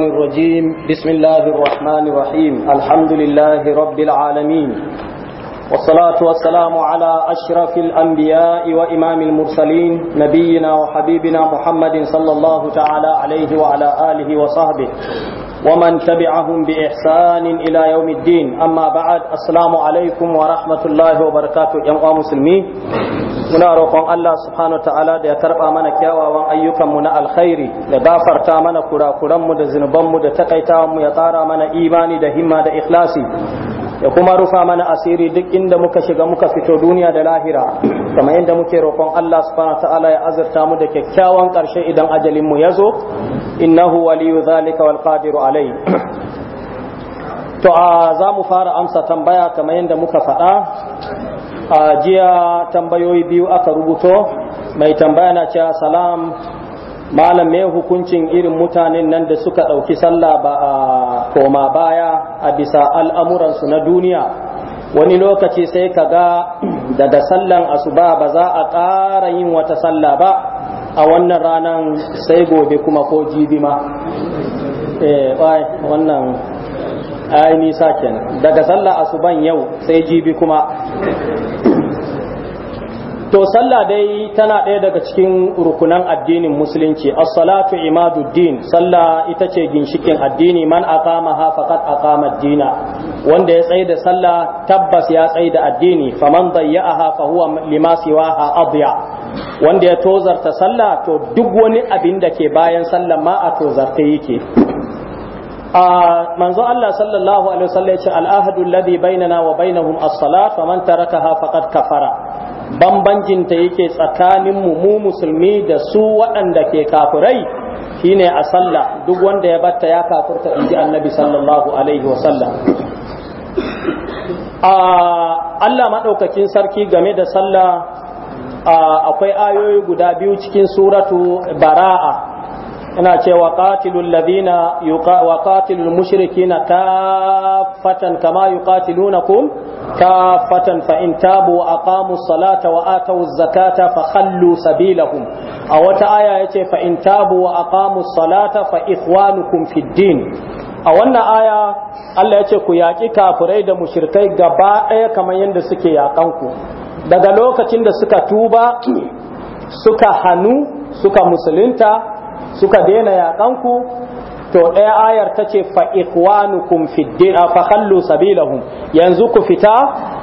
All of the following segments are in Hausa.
الشيطان الرجيم بسم الله الرحمن الرحيم الحمد لله رب العالمين والصلاة والسلام على أشرف الأنبياء وإمام المرسلين نبينا وحبيبنا محمد صلى الله تعالى عليه وعلى آله وصحبه ومن تبعهم بإحسان إلى يوم الدين أما بعد السلام عليكم ورحمة الله وبركاته يا مسلمين muna roƙon Allah subhanahu wa ta'ala da ya karɓa mana kyawawan ayyukanmu na alkhairi da gafarta mana kurakuranmu da zunubanmu da takaitawanmu ya tsara mana imani da himma da ikhlasi ya kuma rufa mana asiri duk inda muka shiga muka fito duniya da lahira kamar yadda muke roƙon Allah subhanahu ta'ala ya azurta mu da kyakkyawan ƙarshe idan ajalin mu yazo innahu waliyu zalika wal qadiru alai to a za mu fara amsa tambaya kamar yadda muka faɗa a jiya tambayoyi biyu aka rubuto mai tambaya na cewa salam malam me hukuncin irin mutanen nan da suka ɗauki sallah ba a koma baya a bisa al'amuransu na duniya wani lokaci sai ka ga daga sallan asuba ba za a ƙara yin wata sallah ba a wannan ranar sai gobe kuma ko eh, wannan ai kenan daga sallah asuban yau sai jibi kuma to sallah dai tana ɗaya daga cikin rukunan addinin musulunci as-salatu imaduddin sallah ita ce ginshikin addini man aqama ha faqad aqama ad-dina wanda ya tsaye da sallah tabbas ya tsaye da addini faman dayya'aha fa huwa lima siwaha adya wanda ya tozarta sallah to duk wani abin da ke bayan sallah ma a tozarta yake a manzo Allah sallallahu alaihi wasallam ya ce al-ahadu alladhi bainana wa bainahum as-salat faman tarakaha faqad kafara bambancinta yake tsakaninmu mu musulmi da su waɗanda ke kafirai shine a sallah duk wanda ya batta ya kafirta inji annabi sallallahu alaihi wa sallam. Allah maɗaukakin sarki game da sallah akwai ayoyi guda biyu cikin suratu bara'a ina cewa qatilul ladina wa qatilul mushrikina kaffatan kama yuqatilunakum kaffatan fa in tabu a aqamu salata wa atu zakata fa khallu sabilahum a wata aya yace fa in tabu wa aqamu salata fa ikhwanukum fid din a wannan aya Allah yace ku yaƙi kafurai da mushirikai gaba ɗaya kamar yadda suke yaƙan ku daga lokacin da suka tuba suka hannu suka musulunta suka daina yaƙanku to ɗaya ayar ta ce fa ikhwanukum fiddin fa khallu sabilahum yanzu ku fita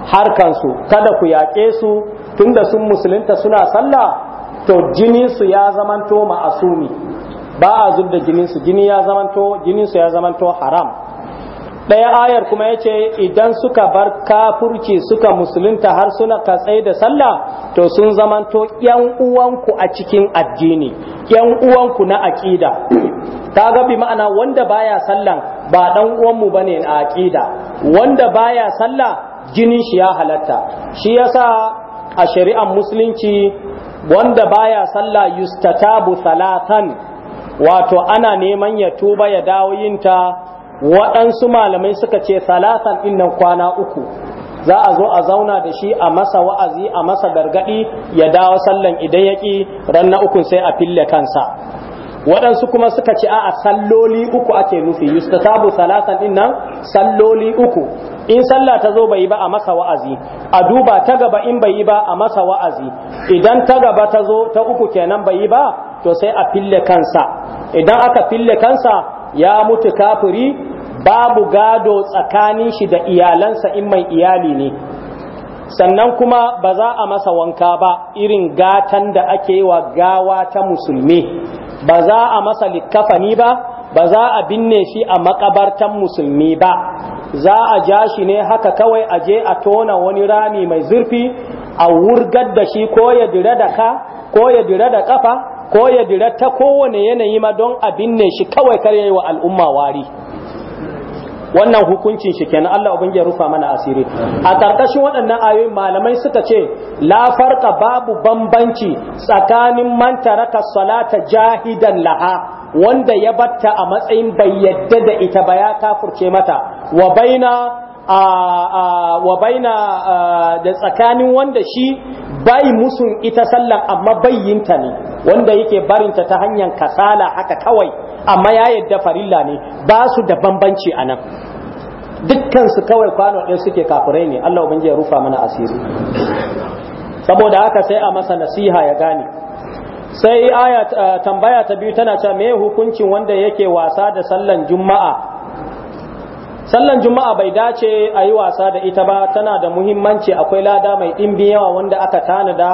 harkansu kada ku yaƙe su tunda sun musulunta suna sallah to jininsu ya zamanto ma'asumi ba a zub da jininsu jini ya zamanto ya zamanto haram ɗaya ayar kuma ya ce idan suka bar kafurci suka musulunta har suna katsai da sallah to sun zamanto yan uwanku a cikin addini yan uwanku na aƙida ta ga ma'ana wanda baya sallan ba ɗan uwanmu bane a aƙida wanda baya sallah jinin shi ya halatta shi yasa a shari'an musulunci wanda baya sallah yustatabu salatan wato ana neman ya tuba ya dawo yinta waɗansu malamai suka ce salatan innan kwana uku za a zo a zauna da shi a masa wa'azi a masa gargaɗi ya dawo sallan idan ya ƙi ran na sai a fille kansa waɗansu kuma suka ce a salloli uku ake nufi yustatabu salatan innan salloli uku in sallah ta zo bai yi ba a masa wa'azi a duba ta gaba in bai yi ba a masa wa'azi idan ta gaba ta zo ta uku kenan bai yi ba to sai a fille kansa idan aka fille kansa ya mutu kafiri babu gado tsakanin shi da iyalansa in mai iyali ne sannan kuma ba za a masa wanka ba irin gatan da ake wa gawa ta musulmi ba za a masa likafani ba ba za a binne shi a makabartan musulmi ba za a ja shi ne haka kawai a je a tona wani rami mai zurfi a wurgar da shi ko ya dire da ka ko ya dire da kafa ko ya dira ta kowane yanayi ma don a binne shi kawai kar yayi wa al'umma wari wannan hukuncin shi kenan Allah ya rufa mana asiri a karkashin waɗannan ayoyin malamai suka ce la farqa babu bambanci tsakanin man taraka salata jahidan laha wanda ya batta a matsayin bai yadda da ita ba ya kafurce mata wa baina wa baina da tsakanin wanda shi bai musun ita sallan amma bayyinta ne wanda yake barinta ta hanyar kasala haka kawai amma ya yadda farilla ne ba su da bambanci a nan dukkansu kawai kwano ɗin suke kafirai ne Allah ubangiji ya rufa mana asiri saboda haka sai a masa nasiha ya gane sai aya tambaya ta biyu tana cewa me hukuncin wanda yake wasa da sallan juma'a sallan juma'a bai dace a yi wasa da ita ba tana da muhimmanci akwai lada mai ɗimbi yawa wanda aka tanada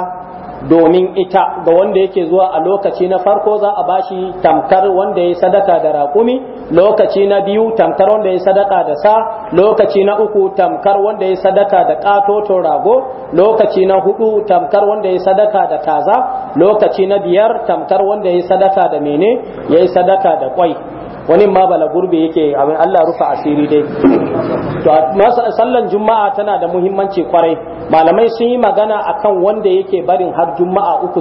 domin ita ga wanda yake zuwa a lokaci na farko za a bashi tamkar wanda ya sadaka da raƙumi lokaci na biyu tamkar wanda ya sadaka da sa lokaci na uku tamkar wanda ya sadaka da to rago lokaci na hudu tamkar wanda ya sadaka da kaza lokaci na biyar tamkar wanda ya sadaka da mene ya sadaka da kwai wani ma bala gurbe yake abin Allah rufa asiri dai to sallan juma'a tana da muhimmanci kwarai malamai sun yi magana akan wanda yake barin har juma'a uku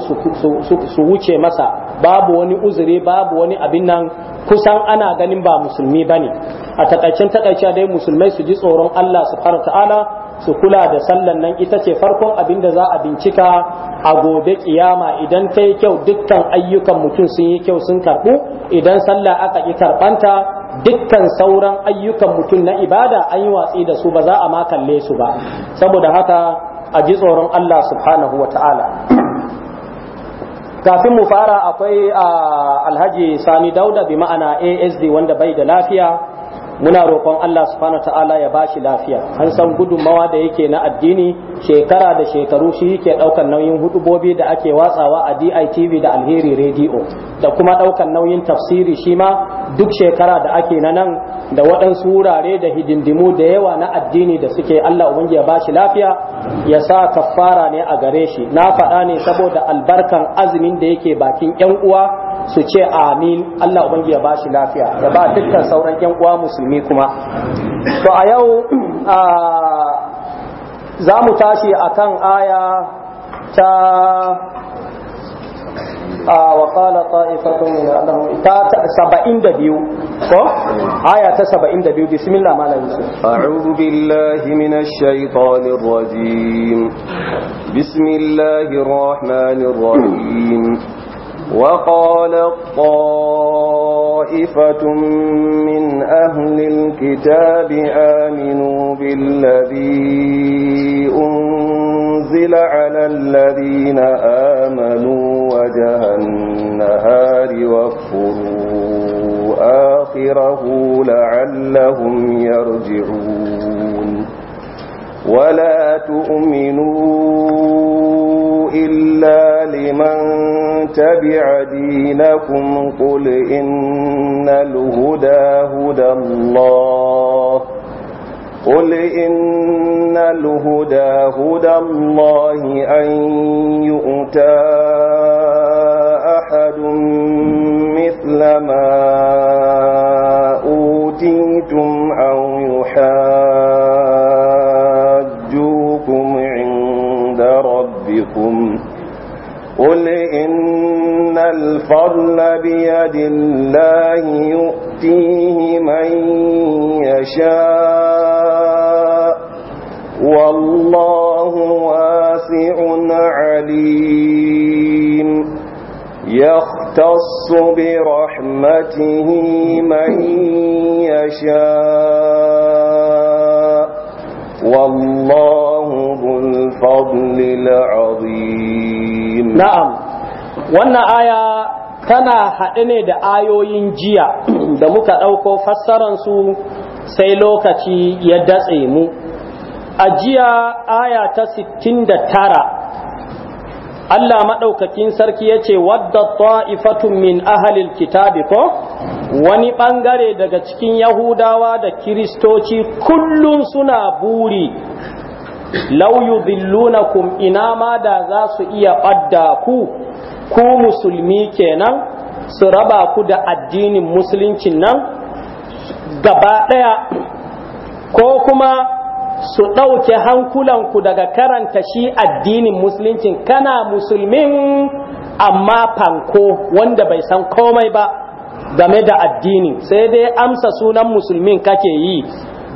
su wuce masa babu wani uzure babu wani abin nan kusan ana ganin ba musulmi bane a takaicen takaice dai musulmai su ji tsoron Allah subhanahu ta'ala su kula da sallan nan ita ce farkon abin da za a bincika a gobe kiyama idan ta yi kyau dukkan ayyukan mutum sun yi kyau sun karɓu idan sallah aka ƙi karɓanta dukkan sauran ayyukan mutum na ibada an yi watsi da su ba za a ma kalle su ba saboda haka a ji tsoron Allah subhanahu wa ta'ala kafin mu fara akwai ah, alhaji sani dauda bi ma'ana asd wanda bai da lafiya muna roƙon Allah subhanahu ta'ala ya bashi lafiya an san gudunmawa da yake na addini shekara da shekaru shi yake ɗaukar nauyin hudubobi da ake watsawa a DITV da Alheri Radio da kuma ɗaukar nauyin tafsiri shi ma duk shekara da ake na nan da waɗansu wurare da hidindimu da yawa na addini da suke Allah ya bashi lafiya ya sa kafara ne a gare shi na faɗa ne saboda albarkan azumin da yake bakin yan uwa su ce amin Allah ubangiji ya bashi lafiya ya ba dukkan sauran yan uwa musulmi musulmi kuma to a yau za mu tashi akan aya ta wa qala ta'ifatun min annahum ta 72 ko aya ta 72 bismillah malam yusuf a'udhu billahi minash shaitanir rajim bismillahir rahmanir rahim wa qala طائفة من أهل الكتاب آمنوا بالذي أنزل على الذين آمنوا وجه النهار واكفروا آخره لعلهم يرجعون ولا تؤمنوا إلا لمن تبع دينكم قل إن الهدى هدى الله قل إن الهدى هدى الله أن يؤتى أحد مثل ما أوتيتم أو يحاسب قل إن الفضل بيد الله يؤتيه من يشاء والله واسع عليم يختص برحمته من يشاء والله ذو الفضل العظيم na'am wannan aya tana haɗe ne da ayoyin jiya da muka ɗauko su sai lokaci ya datse mu a jiya aya ta 69 Allah maɗaukakin sarki ya ce wadda ta'ifatun min ahalil kitabi ko wani ɓangare daga cikin Yahudawa da Kiristoci kullum suna buri law yudhillunakum ina ma da za su iya ɓadda ku ku musulmi kenan su raba ku da addinin musuluncin nan gaba ɗaya ko kuma su ɗauke hankulanku daga karanta shi addinin musuluncin kana musulmin amma fanko wanda bai san komai ba game da addini sai dai amsa sunan musulmin kake yi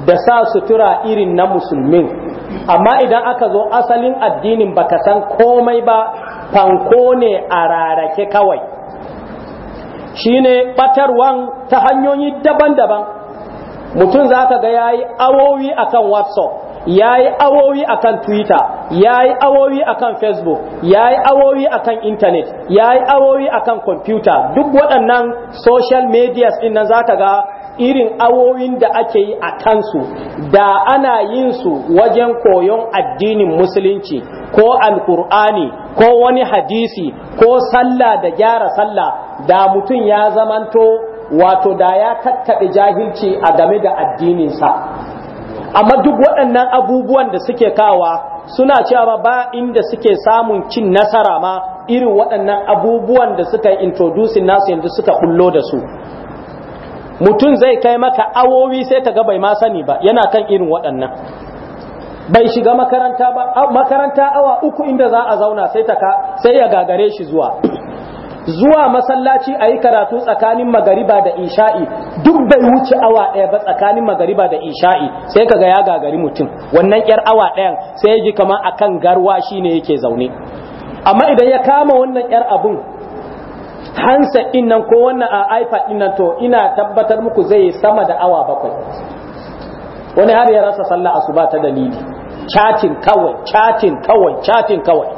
da sa sutura irin na musulmin amma idan aka zo asalin addinin baka san komai ba fanko ne a rarake kawai shine batarwan ta hanyoyi daban-daban mutum za ka ga ya yi awowi akan whatsapp ya yi awowi kan twitter ya yi awowi akan facebook ya yi awowi akan internet yi awowi akan computer duk waɗannan social medias din nan za ka ga irin awoyin da ake yi a kansu da ana yin su wajen koyon addinin musulunci ko alkur'ani ko wani hadisi ko sallah da gyara sallah da mutum ya zamanto wato da ya kakkaɓe jahilci a game da addininsa amma duk waɗannan abubuwan da suke kawa suna cewa ba inda suke samun cin nasara ma irin waɗannan abubuwan da suka introduce nasu yanzu suka kullo da su mutum zai kai maka awowi sai ka ga bai ma sani ba yana kan irin waɗannan bai shiga makaranta ba makaranta awa uku inda za a zauna sai ta ka sai ya gagare shi zuwa zuwa masallaci a yi karatu tsakanin magariba da isha'i duk bai wuce awa ɗaya ba tsakanin magariba da isha'i sai ka ga ya gagari mutum wannan yar awa ɗayan sai ya ji kamar akan garwa shi ne yake zaune amma idan ya kama wannan yar abun Hansa din nan ko wannan a iPad din to ina tabbatar muku zai yi sama da awa bakwai wani har ya rasa sallah asuba ta dalili chatting kawai chatting kawai chatting kawai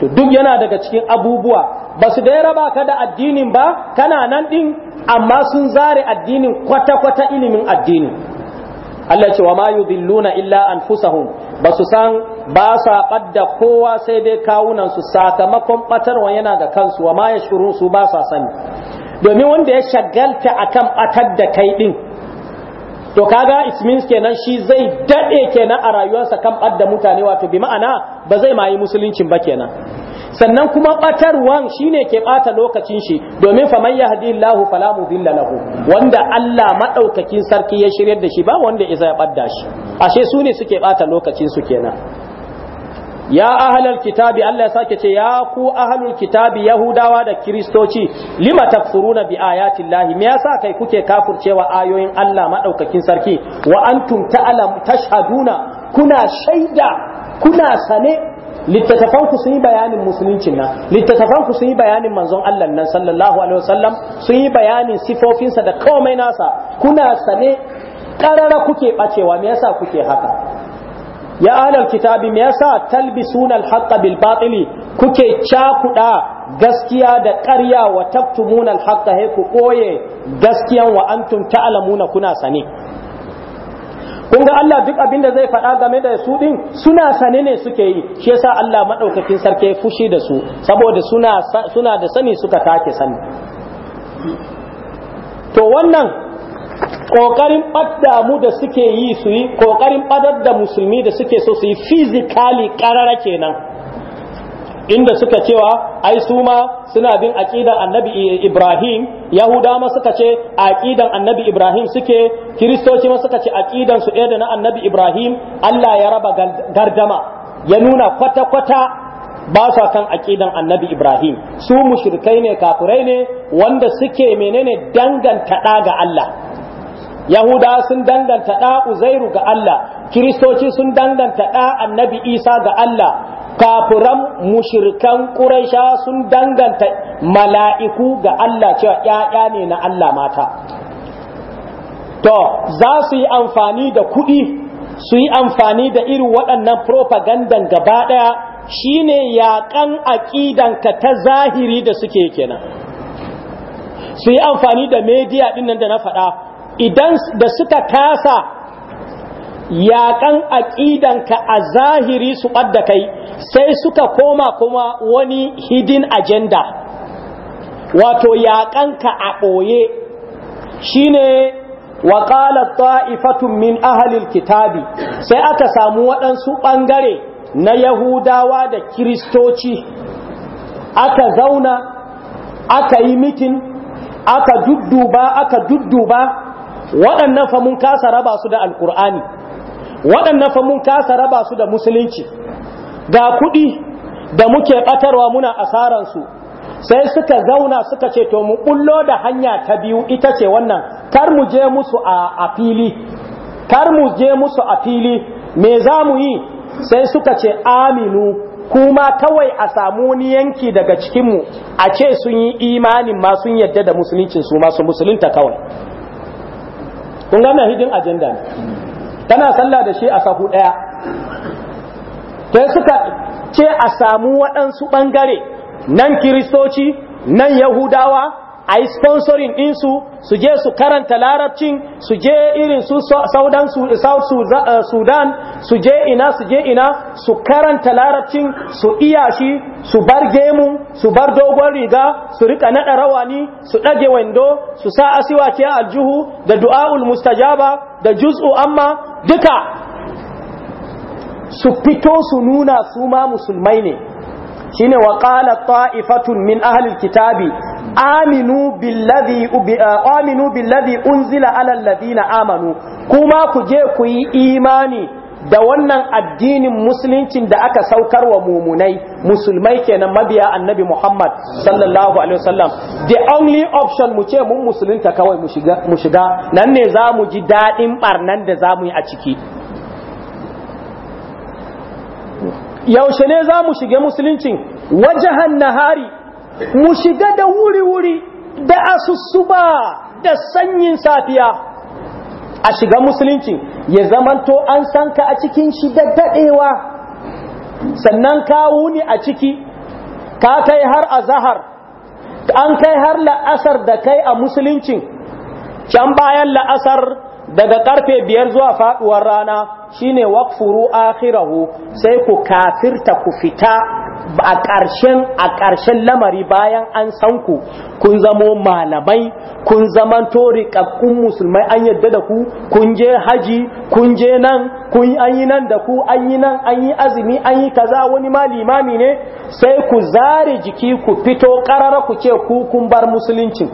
to duk yana daga cikin abubuwa ba su da ya ka da addinin ba kana nan din amma sun zare addinin kwata-kwata ilimin addini Allah ce wa ma yudilluna illa anfusahum ba su san ba sa ɓadda kowa sai dai kawunansu sakamakon ɓatarwa yana ga kansu wa ma ya su ba sa sani domin wanda ya shagalta a kan ɓatar da kai ɗin to kaga it means kenan shi zai daɗe kenan a rayuwarsa kan ɓadda mutane wato bi ma'ana ba zai ma yi musuluncin ba kenan sannan kuma ɓatarwan shine ke ɓata lokacin shi domin fa man yahdihillahu fala mudilla lahu wanda Allah madaukakin sarki ya shiryar da shi ba wanda isa ya ɓadda shi ashe su ne suke ɓata lokacin su kenan ya ahlal kitabi Allah ya sake ce ya ku ahlul kitabi yahudawa da kiristoci. lima takfuruna bi ayati llahi me yasa kai kuke kafurcewa ayoyin Allah madaukakin sarki wa antum ta'lam tashhaduna kuna shaida kuna sane littattafan ku sun yi bayanin musuluncin nan littattafan ku sun yi bayanin manzon Allah nan sallallahu alaihi wasallam sun yi bayanin sifofinsa da komai nasa kuna sane karara kuke bacewa me yasa kuke haka ya ahlal kitabi me yasa talbisuna haqqa bil batili kuke cakuda gaskiya da ƙarya wa taktumuna al-haqqa he ku koye gaskiyan wa antum ta'lamuna kuna sane kun ga Allah duk abinda zai faɗa game da su din suna sane ne suke yi shi yasa Allah madaukakin sarki ya fushi da su saboda suna suna da sani suka take sani to wannan ƙoƙarin ɓadda mu da suke yi su yi ƙoƙarin ɓadar da musulmi da suke so su yi fizikali ƙarara kenan inda suka cewa ai su ma suna bin aƙidan annabi ibrahim yahuda ma suka ce aƙidan annabi ibrahim suke kiristoci ma suka ce aƙidan su ɗaya da na annabi ibrahim allah ya raba gardama ya nuna kwata-kwata ba sa kan aqidan annabi ibrahim su mushrikai ne kafurai ne wanda suke menene danganta da ga Allah yahuda sun danganta ɗa uzairu ga Allah kiristoci sun danganta ɗa annabi isa ga Allah kafuran mushirkan ƙuraisha sun danganta mala'iku ga Allah cewa ‘ya'ya ne na Allah mata to za su yi amfani da kuɗi su yi amfani da irin waɗannan propagandan gaba ɗaya shine yaƙan aƙidanka ta zahiri da suke kenan su yi amfani da media ɗin nan da na faɗa idan da suka kasa yaƙan aƙidanka a zahiri su ɓadda kai sai suka koma kuma wani hidin agenda wato yaƙanka a ɓoye shine wa ƙalar ta'ifatun min ahalil kitabi sai aka samu waɗansu ɓangare na yahudawa da kiristoci aka zauna aka yi mitin aka dudduba aka dudduba waɗannan fa mun kasa raba su da alkur'ani waɗannan fa kasa raba su da musulunci ga kuɗi da muke ɓatarwa muna asaransu sai suka zauna suka ce to mu ƙullo da hanya ta biyu ita ce wannan kar mu je musu a fili kar mu je musu a fili me za mu yi sai suka ce aminu kuma kawai a samu wani yanki daga cikinmu a ce sun yi imanin ma sun yadda da musuluncin su masu musulunta kawai kun ga na hidin ajanda ne tana sallah da shi a sahu daya sai suka ce a samu waɗansu ɓangare nan kiristoci nan yahudawa a yi sponsorin ɗinsu su je su karanta larabcin su je irin su saudan eh, sudan su je ina su je ina su karanta larabcin su iya shi su bar gemu su bar dogon riga su rika naɗa rawani su ɗage wando su sa asiwace aljuhu da du'a'ul mustajaba da juz'u amma duka su fito su nuna su ma musulmai ne shine wa qala ta'ifatun min ahli kitabi eh, aminu billadhi unzila alallazi na amanu kuma ku je ku yi imani da wannan addinin musuluncin da aka saukar wa mumunai musulmai kenan mabiya annabi Muhammad sallallahu alaihi wasallam the only option mu ce mun musulunta kawai mu shiga nan ne za mu ji daɗin ɓarnan da mu yi a ciki yaushe ne za mu shige musuluncin wajahan nahari mu shiga da wuri-wuri da asusuba da sanyin safiya a shiga musulunci ya zamanto an san ka a cikin shi da daɗewa sannan ka wuni a ciki ka kai har a zahar an kai har la'asar da kai a musulunci can bayan la'asar daga karfe biyar zuwa faduwar rana shine waqfuru akhirahu sai ku kafirta ku fita a ƙarshen a ƙarshen lamari bayan an san ku kun zamo malamai kun zama tori kakkun musulmai an yadda da ku kun je haji kun je nan kun an yi nan da ku an yi nan an yi azumi an yi kaza wani ma limami ne sai ku zare jiki ku fito ƙarara ku ce ku kun bar musuluncin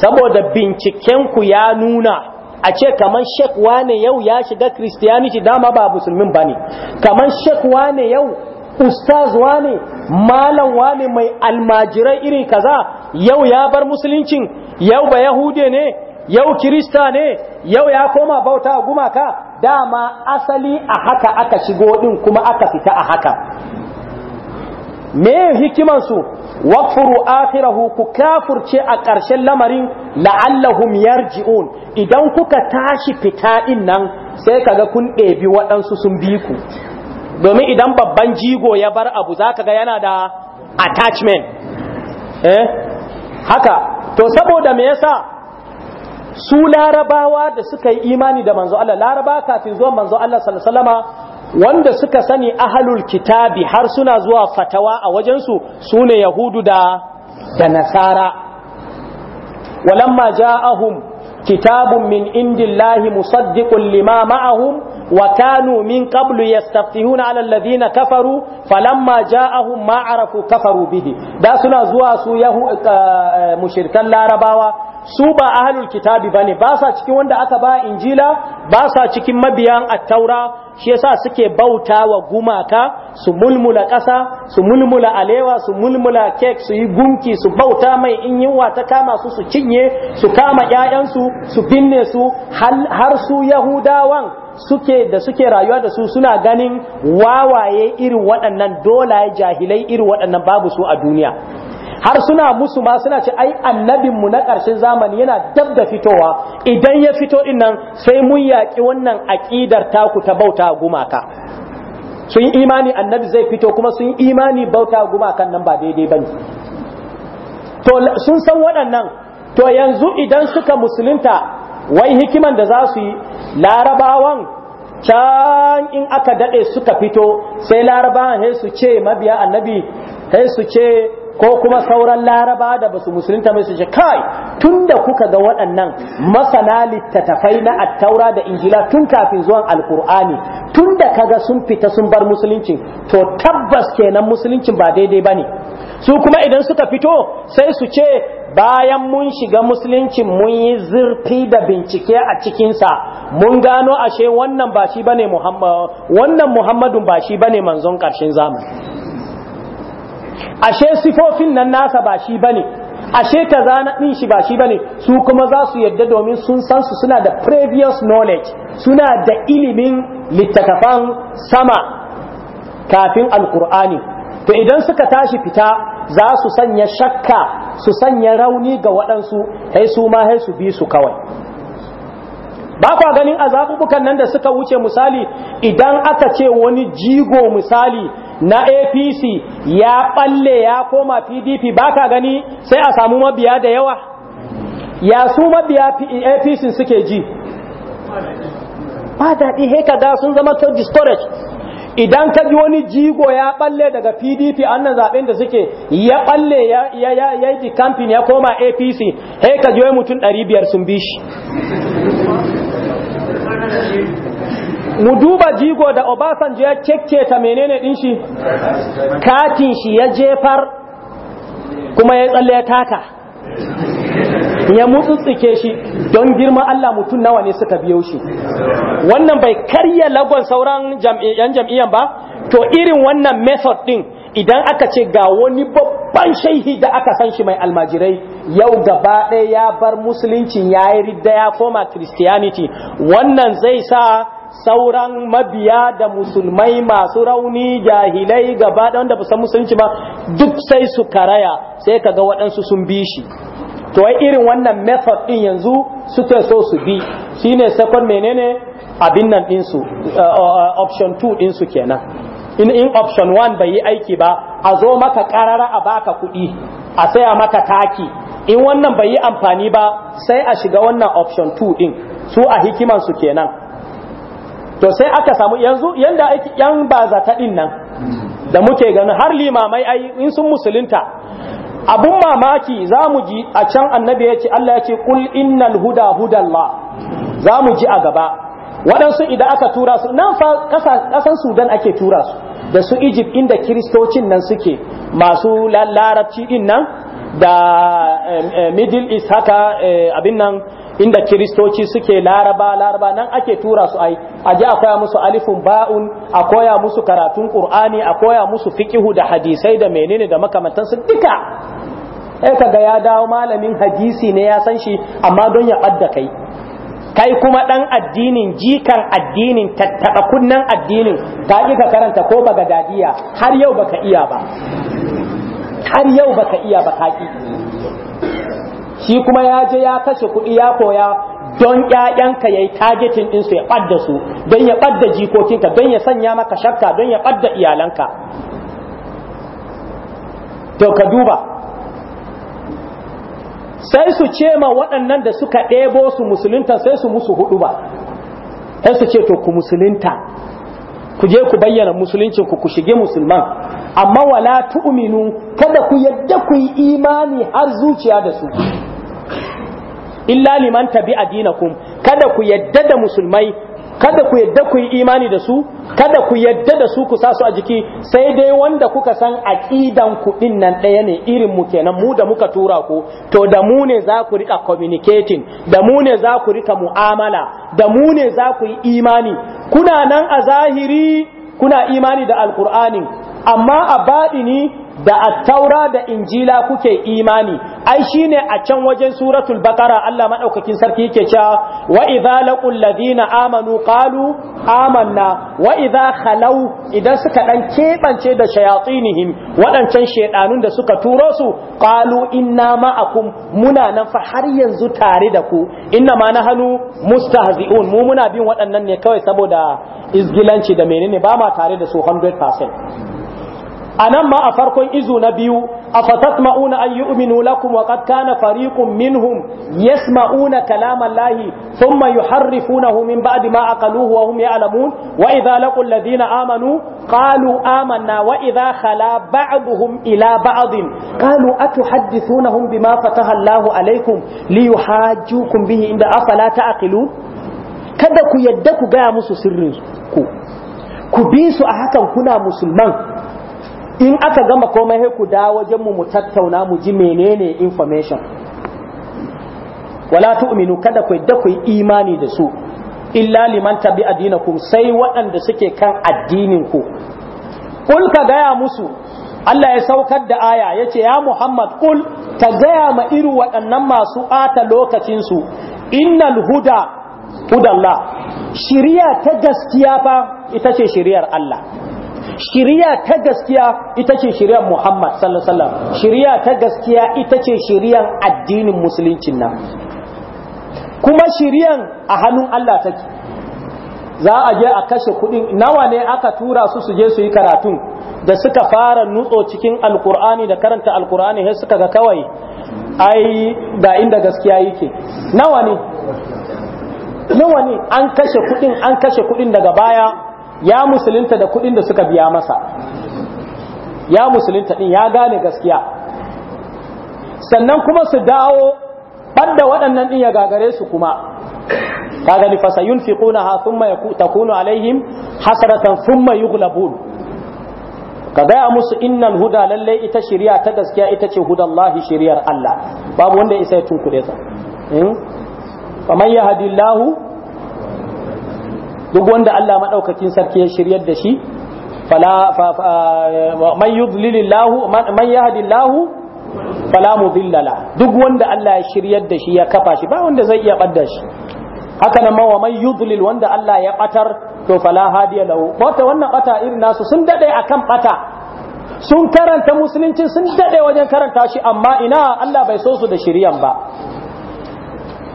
saboda bincikenku ya nuna a ce kamar shek wane yau ya shiga christianity dama ba musulmin ba ne kamar shek wane yau ustaz wane malam wane mai almajirai irin kaza yau ya bar musuluncin yau ba yahude ne yau kirista ne yau ya koma bauta gumaka dama asali a haka aka shigo din kuma aka fita a haka me hikimansu waqfuru akhirahu ku ce a ƙarshen lamarin la'allahum yarji'un idan kuka tashi fita din nan sai kaga kun ɗebi waɗansu sun bi ku domin idan babban jigo ya bar abu zaka ga yana da attachment eh haka to saboda me yasa su larabawa da suka yi imani da manzo Allah laraba kafin zuwan manzo Allah sallallahu alaihi wasallama wanda suka sani ahalul kitabi har suna zuwa fatawa a wajensu su ne yahudu da da nasara walamma ja'ahum kitabun min indillahi musaddiqun lima ma'ahum wa kanu min qablu yastaftihuna 'ala alladhina kafaru falamma ja'ahum ma arafu kafaru bihi da suna zuwa su yahu eh, mushrikan larabawa su ba ahlul kitabi bane ba sa cikin wanda aka ba injila ba sa cikin mabiyan at-taura shi yasa suke bauta wa gumaka su mulmula ƙasa su mulmula alewa su mulmula kek su yi gunki su bauta mai in yunwa ta kama su su cinye su kama ƴaƴansu su binne su har su yahudawan suke da suke rayuwa da su suna ganin wawaye irin waɗannan dolaye jahilai irin waɗannan babu su a duniya har suna musu ma suna ce ai annabinmu na ƙarshen zamani yana dab da fitowa idan ya fito nan sai mun yaƙi wannan aƙidar taku ta bauta gumaka sun yi imani annabi zai fito kuma sun yi imani bauta gumakan nan ba daidai ba ne to sun san waɗannan to yanzu idan suka musulunta wai hikiman da za su yi larabawan can in aka daɗe suka fito sai larabawan sai su ce mabiya annabi sai su ce ko kuma sauran laraba da basu musulunta mai su ce kai tunda kuka ga waɗannan masana littattafai na attaura da injila tun kafin zuwan alkur'ani tun tunda kaga sun fita sun bar musulunci to tabbas kenan musulunci ba daidai bane su kuma idan suka fito sai su ce bayan mun shiga musulunci mun yi zurfi da bincike a cikinsa mun gano ashe wannan ba shi bane wannan muhammadun ba shi bane manzon karshen zamani ashe sifofin nan nasa ba shi bane ashe kaza na din shi ba shi bane su kuma za su yadda domin sun san su suna da previous knowledge suna da ilimin littattafan sama kafin alkur'ani to idan suka tashi fita za su sanya shakka su sanya rauni ga waɗansu sai su ma hai su bi su kawai ba kwa ganin azabubukan nan da suka wuce misali idan aka ce wani jigo misali na apc ya balle ya koma pdp baka gani sai a samu mabiya da yawa ya su mabiya apc suke ji ba daɗi heka da sun zama to discourage idan ka ji wani jigo ya balle daga pdp annan zaɓen da suke ya balle ya yi di ya koma apc heka ka ji wai mutum 500 sun bi shi mu duba jigo da obasanjo ya ta menene din shi katin shi ya jefar kuma ya tsalle ya taka ya mutsutsuke shi don girma Allah mutum nawa ne suka biyo shi wannan bai karya lagon sauran yan jam'iyyan ba to irin wannan method din idan aka ce ga wani babban shaihi da aka san shi mai almajirai yau gaba ɗaya ya bar musuluncin ya yi ridda ya koma christianity wannan zai sa sauran mabiya da musulmai masu rauni jahilai gaba da wanda san musulunci ba duk sai su karaya sai ga waɗansu sun bi shi to ai irin wannan method ɗin yanzu suke so su bi shine second menene abin nan din su eh, eh, option 2 din su kenan in in option 1 bai yi aiki ba a zo maka karara a baka kuɗi a saya maka taki in wannan bai yi amfani ba sai a shiga wannan option 2 ɗin. su a hikimar su kenan to sai aka samu yanzu yanda ake yan bazata din nan da muke ganin har limamai ai in sun musulunta abun mamaki za mu ji a can annabi ya ce Allah ya ce kul innal huda hudallah za mu ji a gaba waɗansu idan aka tura su nan fa ƙasan sudan ake tura su da su egypt inda kiristocin nan suke masu larabci din nan da eh, eh, middle east haka eh, abin nan inda kiristoci suke laraba laraba nan ake tura su ai a ji a musu alifun ba'un a koya musu karatun qur'ani a koya musu fiqihu da hadisai da menene da makamantansu duka sai kaga ya dawo malamin hadisi ne ya san shi amma don ya badda kai kai kuma dan addinin jikan addinin tattaba kunnan addinin ka ka karanta ko baga dadiya har yau baka iya ba har yau baka iya ba kaki shi kuma ya je ya kashe kuɗi ya koya don ƴaƴanka yi targetin din su ya ɓadda su don ya ɓadda jikokinka don ya sanya maka shakka don ya ɓadda iyalanka to ka duba sai su ce ma waɗannan da suka ɗebo su musulunta sai su musu hudu ba sai su ce to ku musulunta ku je ku bayyana musuluncin ku ku shige musulman amma wala tu'minu kada ku yadda ku yi imani har zuciya da su illa liman tabi adinakum kada ku yadda da musulmai kada ku yadda ku yi imani da su kada ku yadda da su ku sa su a jiki sai dai wanda kuka san aqidan ku din nan ɗaya ne irin mu kenan mu da muka tura ku to da mu ne za ku rika communicating da mu ne za ku rika mu'amala da mu ne za ku yi imani kuna nan a zahiri kuna imani da alqur'ani amma a baɗini da attaura da injila kuke imani ai shine a can wajen suratul baqara Allah madaukakin sarki yake cewa wa idza laqul ladina amanu qalu amanna wa idza idan suka dan kebance da shayatinihim wadancan shedanun da suka turo su qalu inna ma'akum muna nan fa har yanzu tare da ku inna ma nahnu mustahzi'un mu muna bin waɗannan ne kawai saboda izgilanci da menene ba ma tare da su 100% anan ma a farkon izu na biyu a fatat ma'una an yi yu'minu lakum wa qad na fariqun minhum yes ma'una kalaman lahi sun yasma'una kalam Allah thumma yuharrifunahu min ba'di ma aqaluhu wa hum ya alamu wa idza laqul ladina amanu kalu amanna wa idza khala ba'dhum ila a kalu tu bi ma fata hallahu alaikum li yi alaykum kun bihi inda afala ta'qilun kada ku yadda ku gaya musu sirrin ku ku bi su a hakan kuna musulman in aka gama komai sai ku da wajen mu tattauna mu ji menene information wala tu'minu kada ku da ku imani da su illa liman tabi adinakum sai waɗanda suke kan addinin ku kul ka gaya musu Allah ya saukar da aya ya ce ya Muhammad kul ta gaya ma irin waɗannan masu ata lokacinsu innal huda hudallah shiriya ta gaskiya fa ita ce shiriyar Allah shirya ta gaskiya ita ce shiriyar Muhammad sallallahu alaihi wasallam shiriya ta gaskiya ita ce shiriyar addinin musulunci nan kuma shiryan a hannun Allah take za a je a kashe kuɗin nawa ne aka tura su su je su yi karatun da suka fara nutso cikin alkur'ani da karanta alkur'ani sai suka ga kawai ai ga inda gaskiya yake nawa ne nawa ne an kashe kuɗin an kashe kuɗin daga baya ya musulunta da kuɗin da suka biya masa ya musulunta ɗin ya gane gaskiya sannan kuma su dawo ɓadda waɗannan ɗin ya gagare su kuma ka gani fasayun fi kuna ha sun mai takunu alaihim hasaratan sun mai yughlabun ka gaya musu innal huda lalle ita shari'a ta gaskiya ita ce hudallahi shari'ar Allah babu wanda ya isa ya tunkuɗe ta kamar hmm? yahadillahu duk wanda Allah maɗaukakin sarki ya shiryar da shi fala man yudlilillahu man yahdillahu fala mudillala duk wanda Allah ya shiryar da shi ya kafa shi ba wanda zai iya ɓadda shi haka nan wa man yudlil wanda Allah ya batar to fala hadiya lahu wata wannan bata irin nasu sun dade akan ɓata, sun karanta musulunci sun dade wajen karanta shi amma ina Allah bai so su da shiriyan ba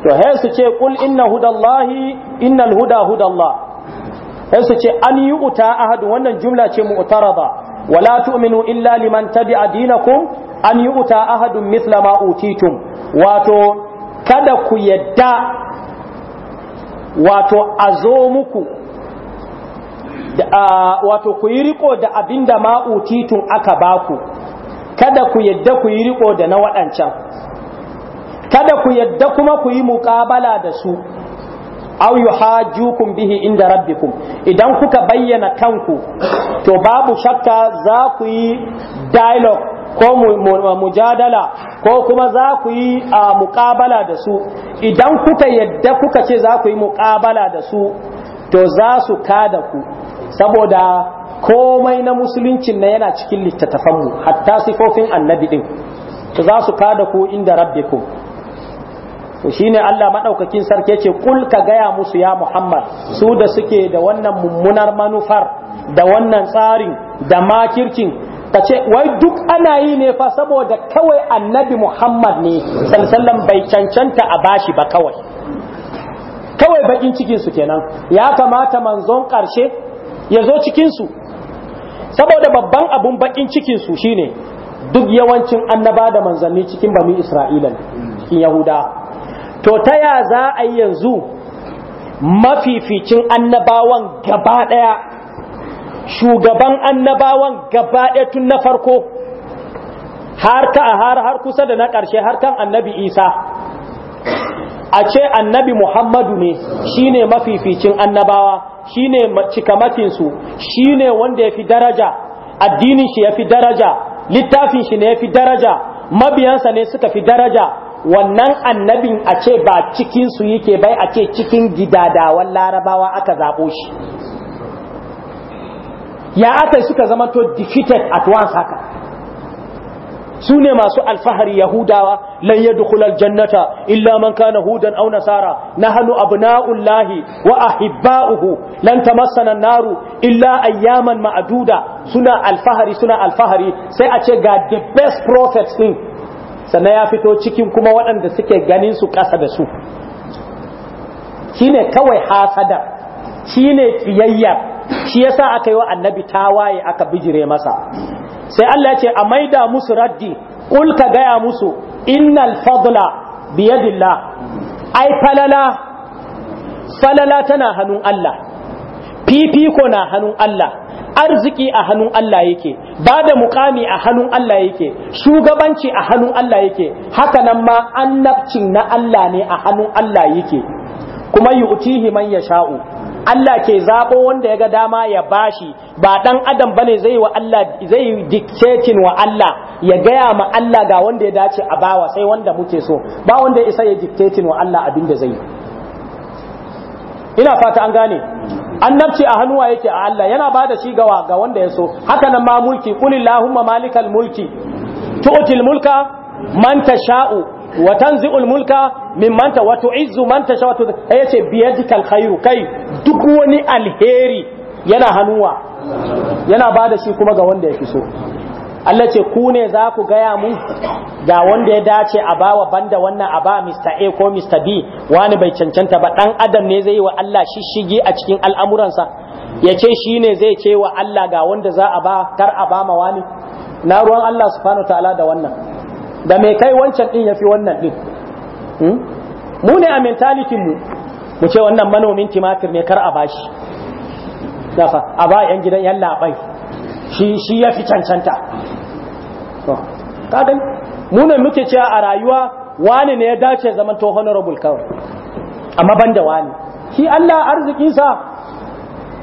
to he su ce kul inna hudallahi innal huda hudallah He su ce an yi uta ahadu wannan jumla ce mu'tarada wala tu'minu illa liman tabi'a dinakum an yi uta ahadun mithla ma utitum wato kada ku yadda wato a zo muku wato ku yi riko da abinda ma utitun aka baku kada ku yadda ku yi riko da na waɗancan kada ku yadda kuma ku yi muƙabala da su aw yuhajjukum bihi inda rabbikum idan kuka bayyana kanku to babu shakka za ku yi dialogue ko mujadala ko kuma za ku yi muƙabala da su idan kuka yadda kuka ce za ku yi muƙabala da su to za su kada ku saboda komai na musuluncin na yana cikin littattafanmu hatta sifofin annabi din to za su kada ku inda rabbikum to shine Allah madaukakin sarki yace kul ka gaya musu ya Muhammad su da suke da wannan mummunar manufar da wannan tsarin da makircin ta ce wai duk ana yi ne fa saboda kawai annabi Muhammad ne sallallahu bai cancanta a bashi ba kawai kawai bakin cikin su kenan ya kamata manzon karshe ya zo cikin su saboda babban abun bakin cikin su shine duk yawancin annaba da manzanni cikin bani Isra'ila cikin Yahuda to ta ya za a yi yanzu mafificin annabawan gaba ɗaya shugaban annabawan gaba ɗaya tun na farko har ka har har kusa da na ƙarshe har kan annabi isa a ce annabi muhammadu ne shi ne mafificin annabawa shi ne cikamakinsu ne wanda ya fi daraja addinin shi ya fi daraja littafin shi ne ya fi daraja mabiyansa ne suka fi daraja wannan annabin a ce ba cikinsu yake bai a ce cikin gidadawan larabawa aka zaɓo shi ya aka suka zama to defeated at once haka su ne masu alfahari yahudawa lan yadkhulal jannata illa man kana hudan aw nasara nahnu abna'ullahi wa ahibba'uhu lan tamassana an-naru illa ayyaman ma'duda suna alfahari suna alfahari sai a ce ga the best prophets din sannan ya fito cikin kuma waɗanda suke ganin su ƙasa da su shine kawai hasada shine fiyayya shi yasa aka yi wa annabi tawaye aka bijire masa sai Allah ya ce a maida musu raddi kul ka gaya musu innal fadla biyadillah ai falala falala tana hannun Allah fifiko na hannun Allah arziki a hannun Allah yake ba da mukami a hannun Allah yake shugabanci a hannun Allah yake haka nan ma annabcin na Allah ne a hannun Allah yake kuma yu'tihi man sha'u. Allah ke zaɓo wanda ya ga dama ya bashi ba dan adam bane zai wa Allah zai dictating wa Allah ya gaya ma Allah ga wanda ya dace a bawa sai wanda muke so ba wanda ya isa ya dictating wa Allah abin da zai ina fata an gane annabci a hannuwa yake a Allah yana ba da shi gawa ga wanda ya so haka nan ma mulki kulillahumma malikal mulki Tu'util mulka man sha'u. wa tanzi'ul mulka mimman manta wa tu'izzu man tasha'u wa tu'izzu yace biyadikal khairu kai duk wani alheri yana hannuwa yana ba da shi kuma ga wanda ya fi so Allah ce ku ne za ku gaya mun ga wanda ya dace a bawa banda wannan a ba Mr. A ko Mr. B wani bai cancanta ba dan adam ne zai yi wa Allah shishigi a cikin al'amuransa ya ce shi ne zai ce wa Allah ga wanda za a ba kar a ba ma wani na ruwan Allah subhanahu ta'ala da wannan da mai kai wancan din yafi wannan din hmm? mu ne a mentality mu mu ce wannan manomin timatir ne kar a bashi dafa a ba yan gidan yan labai shi ya fi cancanta kagan munan muke cewa a rayuwa wani ne ya dace zaman to honorable kawai amma ban wani shi Allah arzikinsa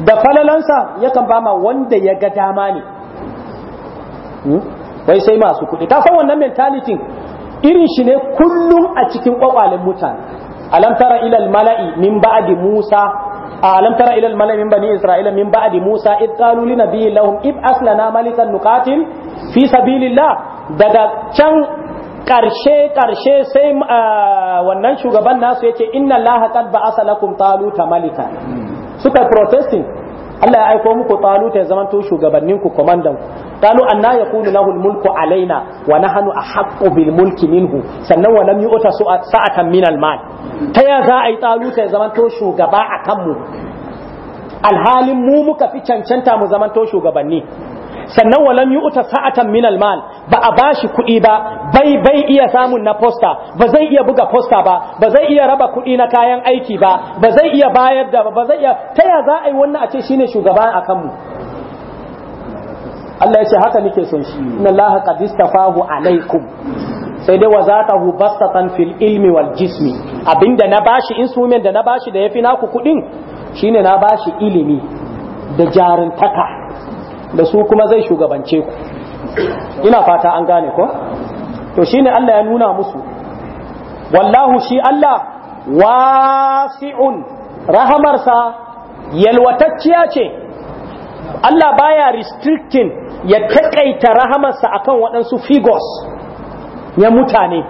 da falalansa yakan ba ma wanda ya ga dama ne hmm? wai sai masu kuɗi ta san wannan mentality irin shi ne kullum a cikin kwakwalen mutane alam tara ilal mala'i min ba'di musa alam tara ila malai min bani isra'ila min ba'di musa id qalu li nabiyyin lahum na aslana malikan nuqatil fi sabilillah daga can karshe karshe sai wannan shugaban nasu yace inna allaha qad ba'asa lakum taluta malika suka protesting Allah ya aiko muku taluta ya zamanto shugabannin ku komandan ku قالوا أن يكون له الملك علينا ونحن أحق بالملك منه سنن ولم يؤت ساعة من المال تيا ذا أي طالوت زمان تو شوغبا أكمو alhalin mu muka fi cancanta mu zamanto shugabanni sannan walam yu'ta sa'atan min almal ba a bashi kuɗi ba bai bai iya samun na posta ba zai iya buga posta ba ba zai iya raba kuɗi na kayan aiki ba ba zai iya bayar da ba ba zai iya ta ya za a yi wannan a ce shine shugaba a kanmu Allah ya ce haka nake son shi inna Allah qad istafahu alaikum sai dai wazatahu bastatan fil ilmi wal jismi abinda na bashi instrument da na bashi da yafi naku kudin shine na bashi ilimi da jarintaka da su kuma zai shugabance ku ina fata an gane ko to shine Allah ya nuna musu wallahu shi Allah wasi'un rahamarsa yalwatacciya ce Allah baya restricting ya taƙaita rahamarsa akan waɗansu figos ya mutane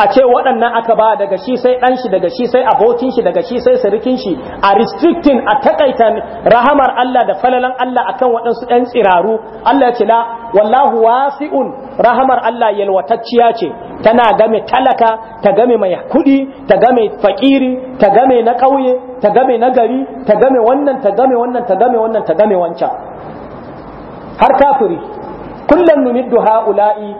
a ce waɗannan aka ba daga shi sai ɗanshi daga shi sai abokin shi daga shi sai sirikin shi a restrictin a takaita rahamar Allah da falalan Allah akan waɗansu ɗan tsiraru Allah ya ce la wallahu wasi'un rahamar Allah yalwatacciya ce tana game talaka ta game mai kuɗi ta game fakiri ta game na ƙauye ta game na gari ta game wannan ta game wannan ta game wannan ta game wancan har kafiri kullum numiddu ha'ula'i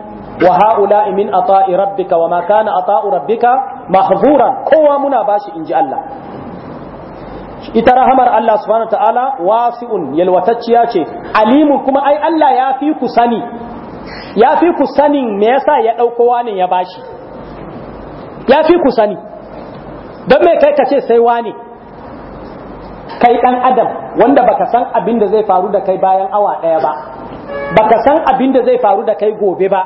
wa ha'ula'i min ata'i rabbika wa ma kana ata'u rabbika mahzura kowa muna bashi inji Allah ita rahamar Allah subhanahu wa ta'ala wasi'un yalwatacciya ce alimun kuma ai Allah ya fi ku sani ya fi ku sanin me yasa ya dauko wani ya bashi ya fi ku sani don me kai ka ce sai wani kai dan adam wanda baka san abin da zai faru da kai bayan awa daya ba baka san abin da zai faru da kai gobe ba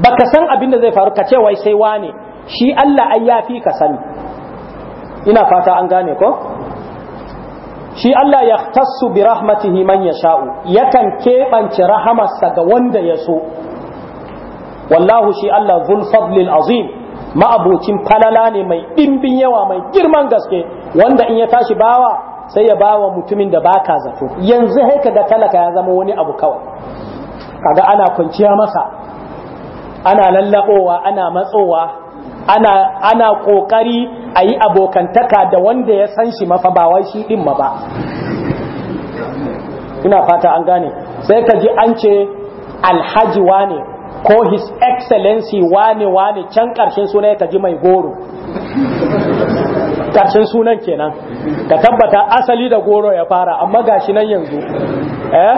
baka san abin da zai faru ka ce wai sai wane shi Allah ai yafi ka sani ina fata an gane ko shi Allah ya tassu bi rahmatihi man yasha'u yakan keɓance rahamarsa ga wanda ya so wallahu shi Allah zul fadlil azim ma'abocin falala ne mai ɗimbin yawa mai girman gaske wanda in ya tashi bawa sai ya bawa mutumin da baka zato yanzu haika da talaka ya zama wani abu kawai kaga ana kwanciya masa ana lallabowa ana matsowa ana ana kokari a abokantaka da wanda ya san shi mafa ba wai shi din ma ba ina fata an gane sai ka ji an ce alhaji wane ko his excellency wane wane can karshen suna ya ji mai goro Karshen sunan kenan ka tabbata asali da goro ya fara amma gashi nan yanzu eh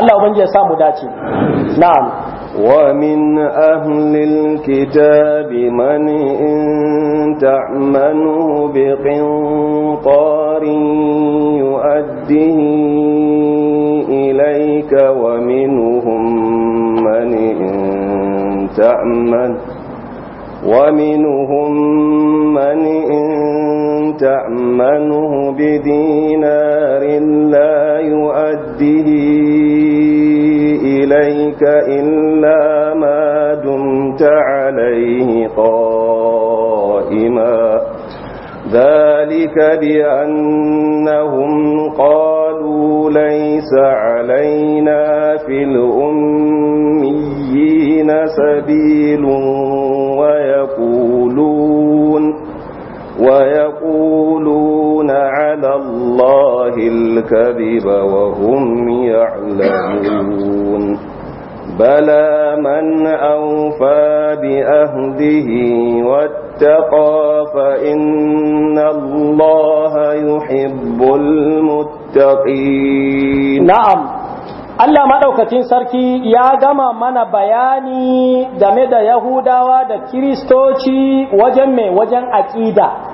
Allah ubangiji ya samu dace na'am ومن أهل الكتاب ta'manu bi تعمنه yu'addi ilayka wa minhum اليمن إن تأمن ومنهم من إن تأمنه بدينار لا يؤديه إليك إلا ما دمت عليه قائما ذلك بأنهم قالوا ليس علينا في الأرض ويقولون على الله الكذب وهم يعلمون بلى من أوفى بأهده واتقى فإن الله يحب المتقين نعم Allah maɗaukacin sarki ya gama mana bayani game da Yahudawa da Kiristoci wajen mai wajen aƙida.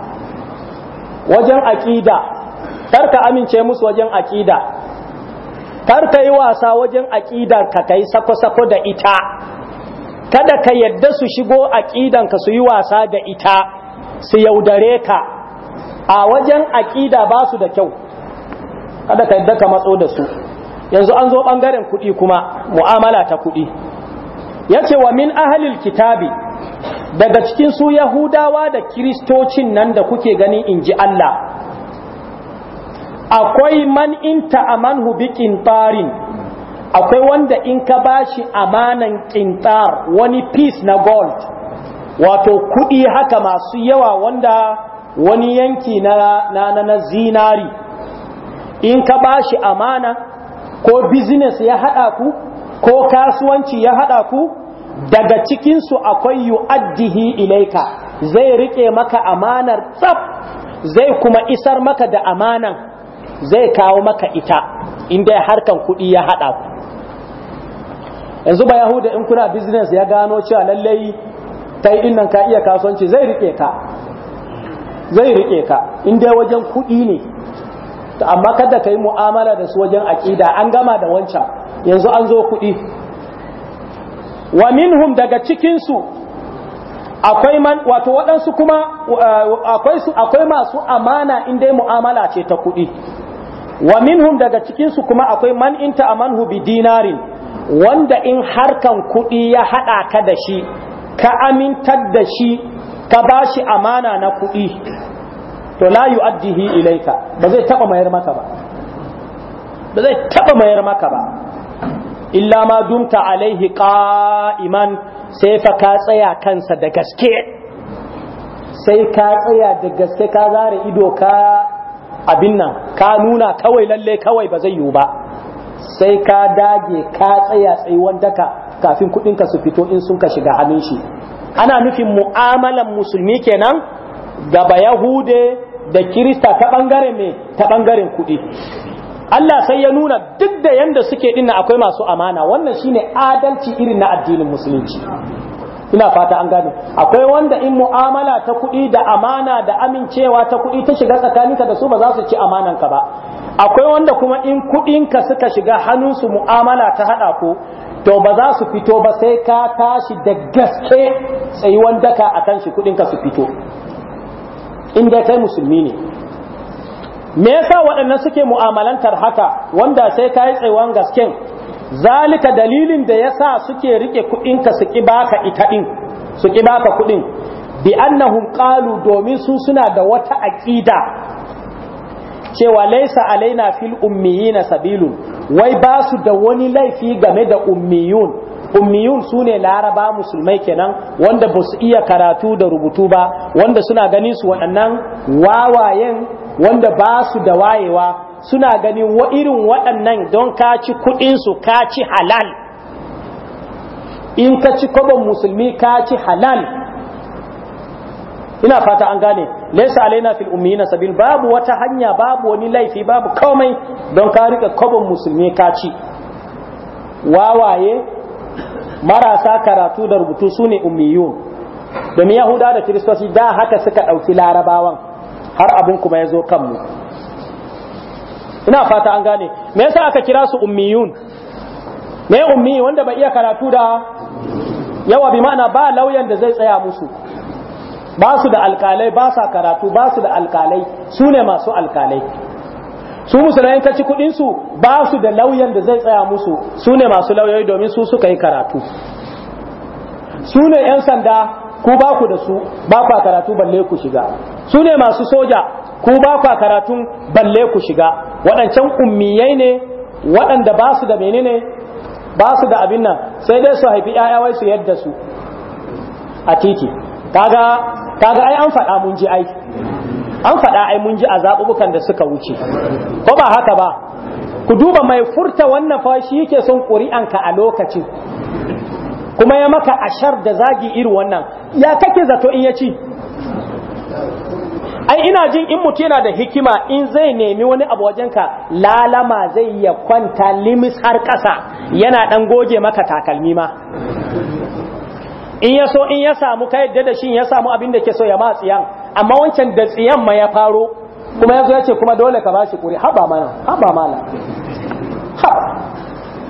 wajen aƙida ka amince musu wajen aƙida ka yi wasa wajen aƙidar ka kai sako-sako da ita kada ka yadda su shigo aƙidan ka su yi wasa da ita su yaudare ka a wajen aƙida ba su da kyau kada ka yadda ka matso da su yanzu an zo ɓangaren kuɗi kuma mu'amala ta kuɗi ya wa min ahalil kitabi daga cikin su yahudawa da kiristocin nan da kuke gani in ji Allah akwai man in ta'amanhu bi qintarin akwai wanda in ka bashi amanan qintar wani piece na gold wato kuɗi haka masu yawa wanda wani yanki na na na, na zinari in ka bashi amana ko business ya haɗa ku ko kasuwanci ya haɗa ku daga cikinsu akwai yu'addihi ilaika zai rike maka amanar tsaf zai kuma isar maka da amanan zai kawo maka ita inda harkan kuɗi ya haɗa ku yanzu ba yahuda in kuna business ya gano cewa lallai ta yi nan ka iya kasuwanci zai rike ka zai rike ka inda wajen kuɗi ne amma kada ka yi mu'amala da su wajen aƙida an gama da wancan yanzu an zo kuɗi wa minhum daga cikinsu akwai man wato waɗansu kuma uh, akwai su akwai masu amana in dai mu'amala ce ta kuɗi wa minhum daga cikinsu kuma akwai man in ta'amanhu bi dinarin wanda in harkan kuɗi ya haɗa ka da shi ka amintar da shi ka bashi amana na kuɗi to la yu'addihi ilaika ba zai taɓa mayar maka ba ba zai taɓa mayar maka ba illa ma dumta alaihi qa'iman sai fa ka tsaya kansa da gaske sai ka tsaya da gaske ka zare ido ka abin nan ka nuna kawai lalle kawai ba zai yiwu ba sai ka dage ka tsaya tsayuwan daka kafin kudinka su fito in sun ka shiga halin shi ana nufin mu'amalan musulmi kenan gaba yahude da kirista ta bangaren me ta bangaren kudi Allah sai ya nuna duk da yanda suke dinna akwai masu amana wannan shine adalci irin na addinin musulunci ina fata an gane akwai wanda in mu'amala ta kuɗi da amana da amincewa ta kuɗi ta shiga tsakaninka da su ba za su ci amananka ba akwai wanda kuma in kuɗinka suka shiga hannun su mu'amala ta haɗa ko to ba za su fito ba sai ka tashi da gaske tsayuwan daka akan shi kuɗinka su fito in dai kai musulmi ne me yasa waɗannan suke mu'amalantar haka wanda sai ka yi tsaiwan gasken zalika dalilin da yasa suke rike ka su ƙi baka ita ɗin su ƙi baka kuɗin bi annahum qalu domin su suna da wata aqida cewa laisa alaina fil ummiyina sabilun wai ba su da wani laifi game da ummiyun ummiyun sune laraba musulmai kenan wanda ba su iya karatu da rubutu ba wanda suna ganin su waɗannan wawayen wanda ba su da wayewa suna ganin wa irin waɗannan don ka ci kuɗinsu ka ci halal in ka ci kwabon musulmi ka ci halal ina fata an gane laisa alaina fil ummiyina sabil babu wata hanya babu wani laifi babu komai don ka rika kwabon musulmi ka ci wawaye marasa karatu da rubutu su ne ummiyu domin yahuda da kiristoci da haka suka ɗauki larabawan har abin kuma ya zo kanmu ina fata an gane me yasa aka kira su ummiyun me ummi wanda ba iya karatu da yawa bi ma'ana ba lauyan da zai tsaya musu ba su da alkalai ba sa karatu ba su da alkalai su ne masu alkalai su musulmai ta ci kudin su ba su da lauyan da zai tsaya musu su ne masu lauyoyi domin su suka yi karatu su ne yan sanda ku ba ku da su ba ku karatu balle ku shiga su ne masu soja ku ba ku karatun balle ku shiga waɗancan ummiyai ne waɗanda ba su da menene ba su da abin nan sai dai su haifi wai su yadda su a titi kaga kaga ai an faɗa mun ji ai an faɗa ai mun ji a zaɓuɓɓukan da suka wuce ko ba haka ba ku duba mai furta wannan fa shi yake son ƙuri'anka a lokacin kuma ya maka ashar da zagi iri wannan ya kake zato in ya ci ai ina jin in mutu yana da hikima in zai nemi wani abu wajen ka lalama zai ya kwanta limis har ƙasa yana ɗan goge maka takalmi ma in ya so in ya samu ka yadda da shi ya samu abin da ke so ya ma tsiyan amma wancan da tsiyan ma ya faro kuma ya ya ce kuma dole ka bashi kuri haɓa mana haɓa mana haɓa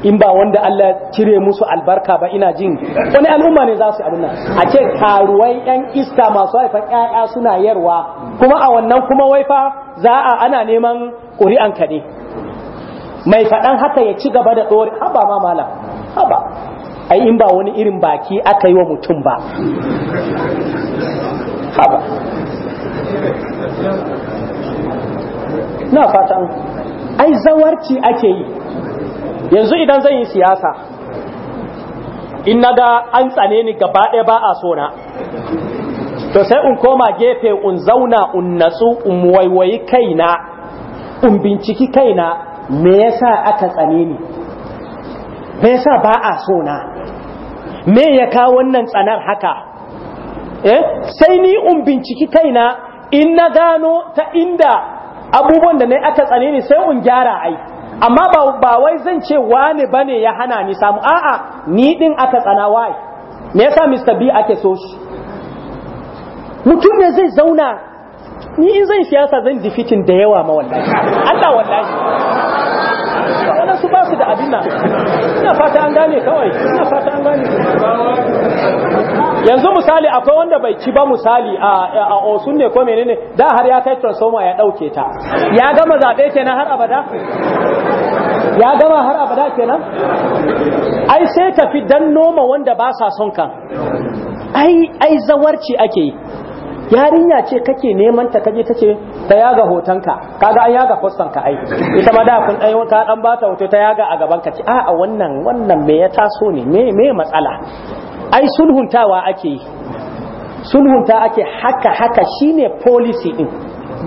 in ba wanda Allah cire musu albarka ba ina jin wani al'umma ne za su abin nan a ce karuwai yan ista masu haifan 'ya'ya suna yarwa kuma a wannan kuma wai fa za a ana neman ƙuri'an ka ne mai faɗan haka ya ci gaba da ɗori haba ma malam haba ai in ba wani irin baki aka yi wa mutum ba haba na fatan ai zawarci ake yi yanzu idan zan yi siyasa in na ga an tsane ni gaba ɗaya ba a sona to sai in koma gefe in zauna in natsu in waiwayi kaina in binciki kaina me yasa aka tsane ni me yasa ba a sona me ya kawo wannan tsanar haka eh sai ni in binciki kaina in na gano ta inda abubuwan da ne aka tsane ni sai in gyara aiki amma ba wai zan ce wani bane ya hana ni samu a'a ni din aka tsana wai me yasa Mr B ake so shi mutum ne zai zauna ni in zan siyasa zan difitin da yawa ma wallahi Allah wallahi wannan su ba su da abin nan ina fata an gane kawai ina fata an gane yanzu misali akwai wanda bai ci ba misali a osun ne ko menene da har ya kai transformer ya dauke ta ya gama zabe kenan har abada ya gama har abada kenan ai sai tafi dan noma wanda ba sa son ka ai ai zawarci ake yi yarinya ce kake neman ta kaje tace ta yaga Ka kaga an yaga postan ka ai ita ma da kun dai ka dan bata hoto ta yaga a gaban ka ce a a wannan wannan me ya taso ne me me matsala ai sulhuntawa ake yi sulhunta ake haka haka shine policy din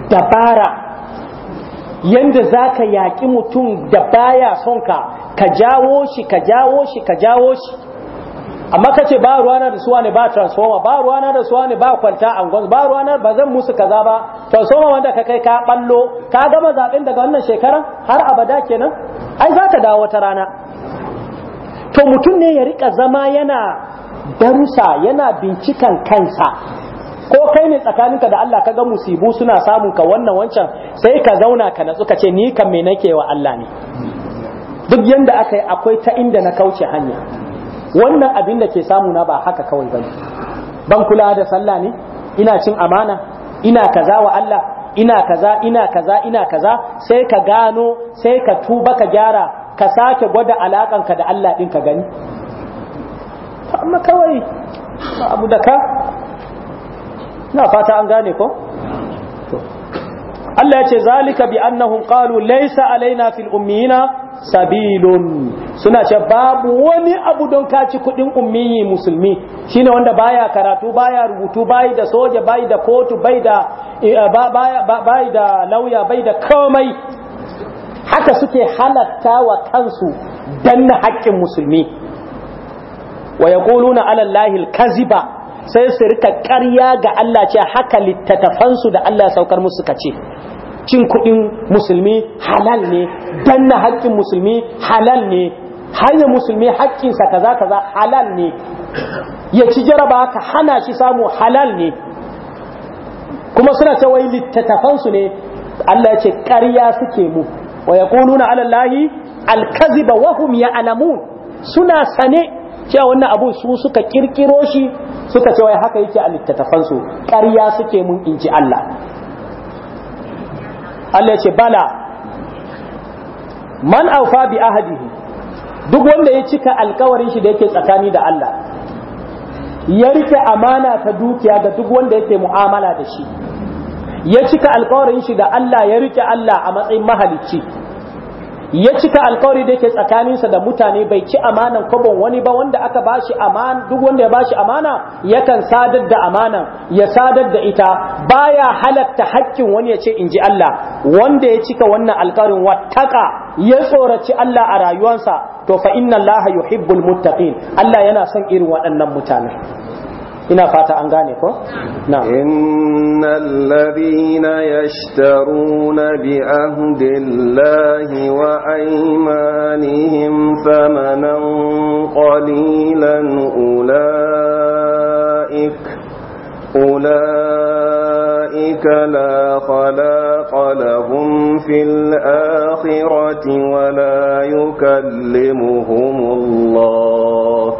dabara yanda za ka yaƙi mutum da baya son ka ka jawo shi ka jawo shi ka jawo shi amma ka ce ba ruwana da suwa ne ba transforma ba ruwana da suwa ne ba kwanta angon ba ruwana ba zan musu kaza ba transforma wanda ka kai ka ballo ka gama zaɓen daga wannan shekarar har abada kenan ai za ka dawo wata rana to mutum ne ya riƙa zama yana darusa yana bincikan kansa ko kai ne tsakaninka da Allah ka ga musibu suna samun ka wannan wancan sai ka zauna ka natsu ka ce ni kan me nake wa Allah ne duk yanda aka yi akwai ta inda na kauce hanya wannan abin da ke samu na ba haka kawai ba ban kula da sallah ne ina cin amana ina kaza wa Allah ina kaza ina kaza ina kaza sai ka gano sai ka tuba ka gyara ka sake gwada alakanka da Allah din ka gani amma kawai abu da ka ina fata an gane ko Allah ya ce zalika bi annahum qalu laysa alaina fil ummiyina sabilun suna ce babu wani abu don kaci kudin ummiyi musulmi shine wanda baya karatu baya rubutu bai da soja bai da kotu bai da eh, eh, bai da lauya bai da komai haka suke halatta wa kansu danna haƙƙin musulmi wa yaquluna ala allahi al-kaziba sai su rika ƙarya ga Allah ce haka littattafansu da Allah ya saukar musu ka ce cin kuɗin musulmi halal ne danna haƙƙin musulmi halal ne hanya musulmi haƙƙinsa kaza kaza halal ne ya ci jaraba ka hana shi samu halal ne kuma suna ce wai littattafansu ne Allah ya ce ƙarya suke mu wa yaquluna ala allahi alkaziba wa hum ya'lamun suna sane cewa wannan abu su suka kirkiro shi suka ce wai haka yake a littattafansu ƙarya suke mun in ji Allah Allah ce bala man aufa bi ahadihi duk wanda ya cika alkawarin shi da yake tsakani da Allah ya rike amana ta dukiya ga duk wanda yake mu'amala da shi ya cika alkawarin shi da Allah ya rike Allah a matsayin mahalicci ya cika alkawari da yake tsakaninsa da mutane bai ci amanan kwabon wani ba wanda aka amana duk wanda ya bashi amana yakan sadar da amanan ya sadar da ita baya halatta hakkin wani ya ce in ji Allah wanda ya cika wannan alkawarin wattaka ya tsoraci Allah a rayuwarsa to fa inna Allah yuhibbul muttaqin Allah yana son irin waɗannan mutane ina fata an gane ko na innal ladina yashtaruna bi ahdillahi wa aymanihim thamanan qalilan ulaik أولئك لا خلاق لهم في الآخرة ولا يكلمهم الله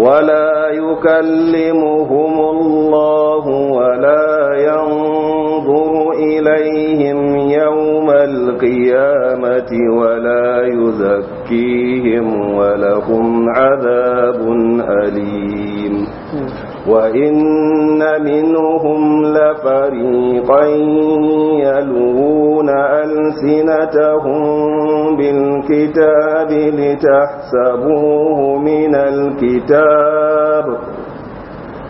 ولا يكلمهم الله ولا ينظر إليهم يوم القيامة ولا يزكيهم ولهم عذاب أليم وإن منهم لفريقا يلوون ألسنتهم بالكتاب لتحسبوه من الكتاب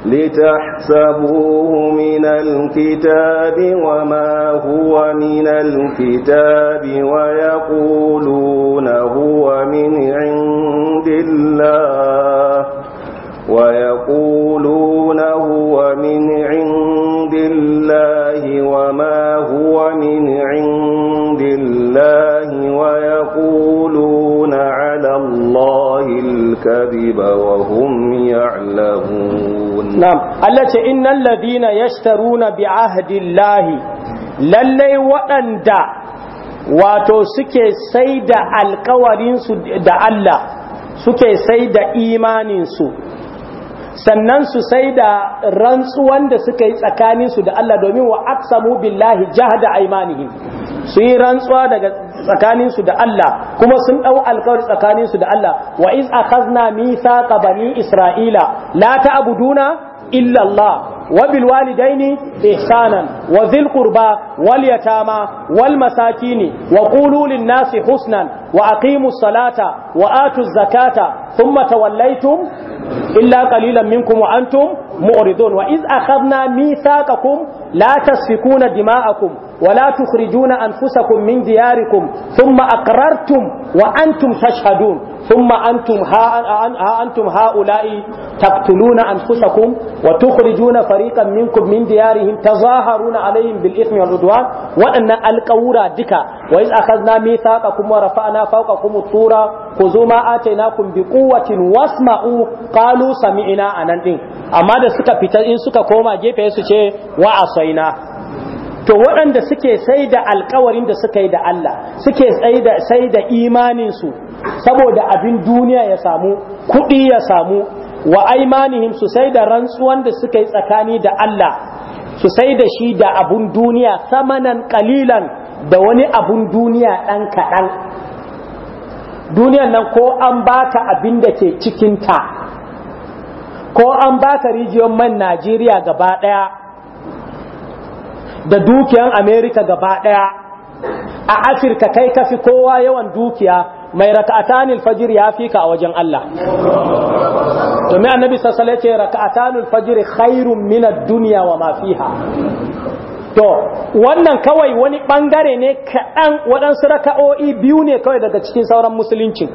لتحسبوه من الكتاب وما هو من الكتاب ويقولون هو من عند الله ويقولون هو من عند الله وما هو من عند الله ويقولون على الله الكذب وهم يعلمون نعم التي إن الذين يشترون بعهد الله للي وأندى وتوسكي سيد القوارين دا الله suke sai da imaninsu sannan su sai da rantsuwan da suka yi tsakaninsu da Allah domin wa aksamu billahi da aimanihim su yi rantsuwa daga tsakaninsu da Allah kuma sun ɗau alkawari tsakaninsu da Allah wa iz akhadna mithaqa bani isra'ila la ta'buduna illa Allah wa bil walidaini ihsanan wa dhil qurba wal yatama wal masakini wa qulu lin nasi husnan wa aqimus salata wa atuz zakata thumma tawallaytum illa qalilan minkum wa antum mu'ridun wa iz akhadna mithaqakum la tasfikuna dima'akum wala tukhrijuna anfusakum min diyarikum thumma aqrartum wa antum tashhadun thumma antum ha antum haula'i taqtuluna anfusakum wa tukhrijuna fariqan minkum min diyarihim tazaharuna alaihim bil ithmi wal udwan wa anna alqawra dika wa iz akhadna mithaqakum wa rafa'na fawqakum at-tura khudhu ma atainakum bi quwwatin wasma'u qalu sami'na anan ɗin amma da suka fita in suka koma gefe su ce wa asaina to waɗanda suke sai da alkawarin da suka yi da Allah suke sai da imaninsu saboda abin duniya ya samu kuɗi ya samu wa aimanihim su sai da rantsuwan da suka yi tsakani da Allah su sai da shi da abun duniya samanan kalilan da wani abun duniya ɗan kaɗan duniyan nan ko an baka abin da ke cikinta ko an baka rijiyon man Najeriya gaba ɗaya da dukiyan Amerika gaba daya a afirka kai ka fi kowa yawan dukiya mai raka'atanil fajr ya fi ka a wajen Allah domin annabi sassale ce raka'atanil fajr khairun min ad wa ma fiha to wannan kawai wani bangare ne kaɗan waɗansu raka'o'i biyu ne kawai daga cikin sauran musulunci